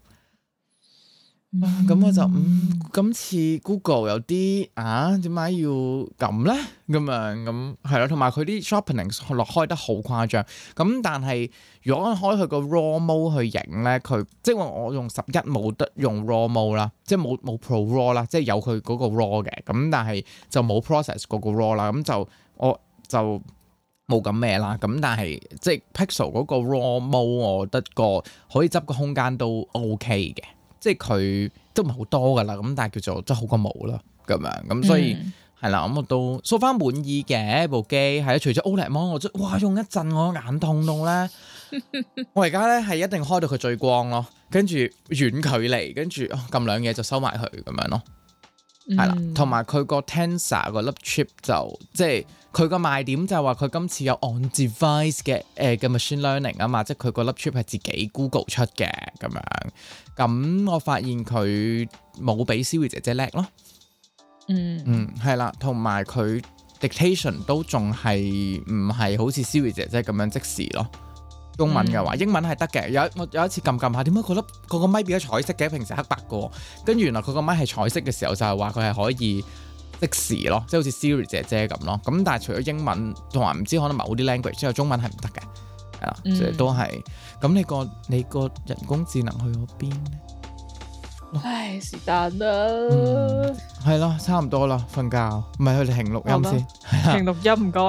咁、嗯、我就嗯，今次 Google 有啲啊，點解要咁咧？咁樣咁係咯，同埋佢啲 sharpening 落開得好誇張。咁但係如果開佢個 raw mode 去影咧，佢即係我用十一冇得用 raw mode 啦 RA RA RA，即係冇冇 pro raw 啦，即係有佢嗰個 raw 嘅。咁但係就冇 process 嗰個 raw 啦，咁就我就冇咁咩啦。咁但係即係 Pixel 嗰個 raw mode，我覺得個可以執個空間都 OK 嘅。即係佢都唔係好多噶啦，咁但係叫做都好過冇啦，咁樣咁所以係啦，咁、mm. 嗯、我都 so far 滿意嘅部機，係啦，除咗 OLED 模我哇用一陣我眼痛到咧， 我而家咧係一定開到佢最光咯，跟住遠距離跟住撳兩嘢就收埋佢咁樣咯，係啦、mm.，同埋佢個 Tensor 個粒 chip 就即係佢個賣點就係話佢今次有 on-device 嘅誒嘅、呃、machine learning 啊嘛，即係佢個粒 chip 係自己 Google 出嘅咁樣。咁我發現佢冇俾 Siri 姐姐叻咯，嗯，嗯，係啦，同埋佢 dictation 都仲係唔係好似 Siri 姐姐咁樣即時咯？中文嘅話，嗯、英文係得嘅。有我有一次撳撳下，點解覺得佢個咪變咗彩色嘅？平時黑白嘅，跟住原來佢個咪係彩色嘅時候，就係話佢係可以即時咯，即係好似 Siri 姐姐咁咯。咁但係除咗英文，同埋唔知可能某啲 language，之後中文係唔得嘅，係咯，所以都係。嗯咁你個你個人工智能去咗邊呢？唉，是但啦。係咯，差唔多啦，瞓覺。唔係去停錄音先。停錄音，唔該。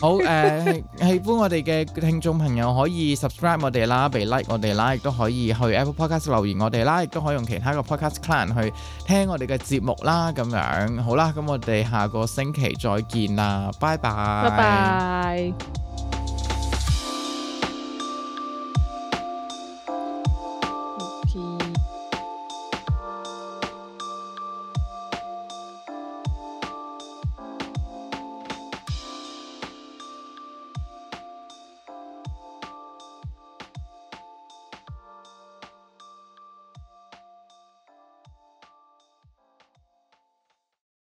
好，誒，喜歡我哋嘅聽眾朋友可以 subscribe 我哋啦，俾 like 我哋啦，亦都可以去 Apple Podcast 留言我哋啦，亦都可以用其他嘅 Podcast client 去聽我哋嘅節目啦。咁樣好啦，咁我哋下個星期再見啦！拜拜，拜拜。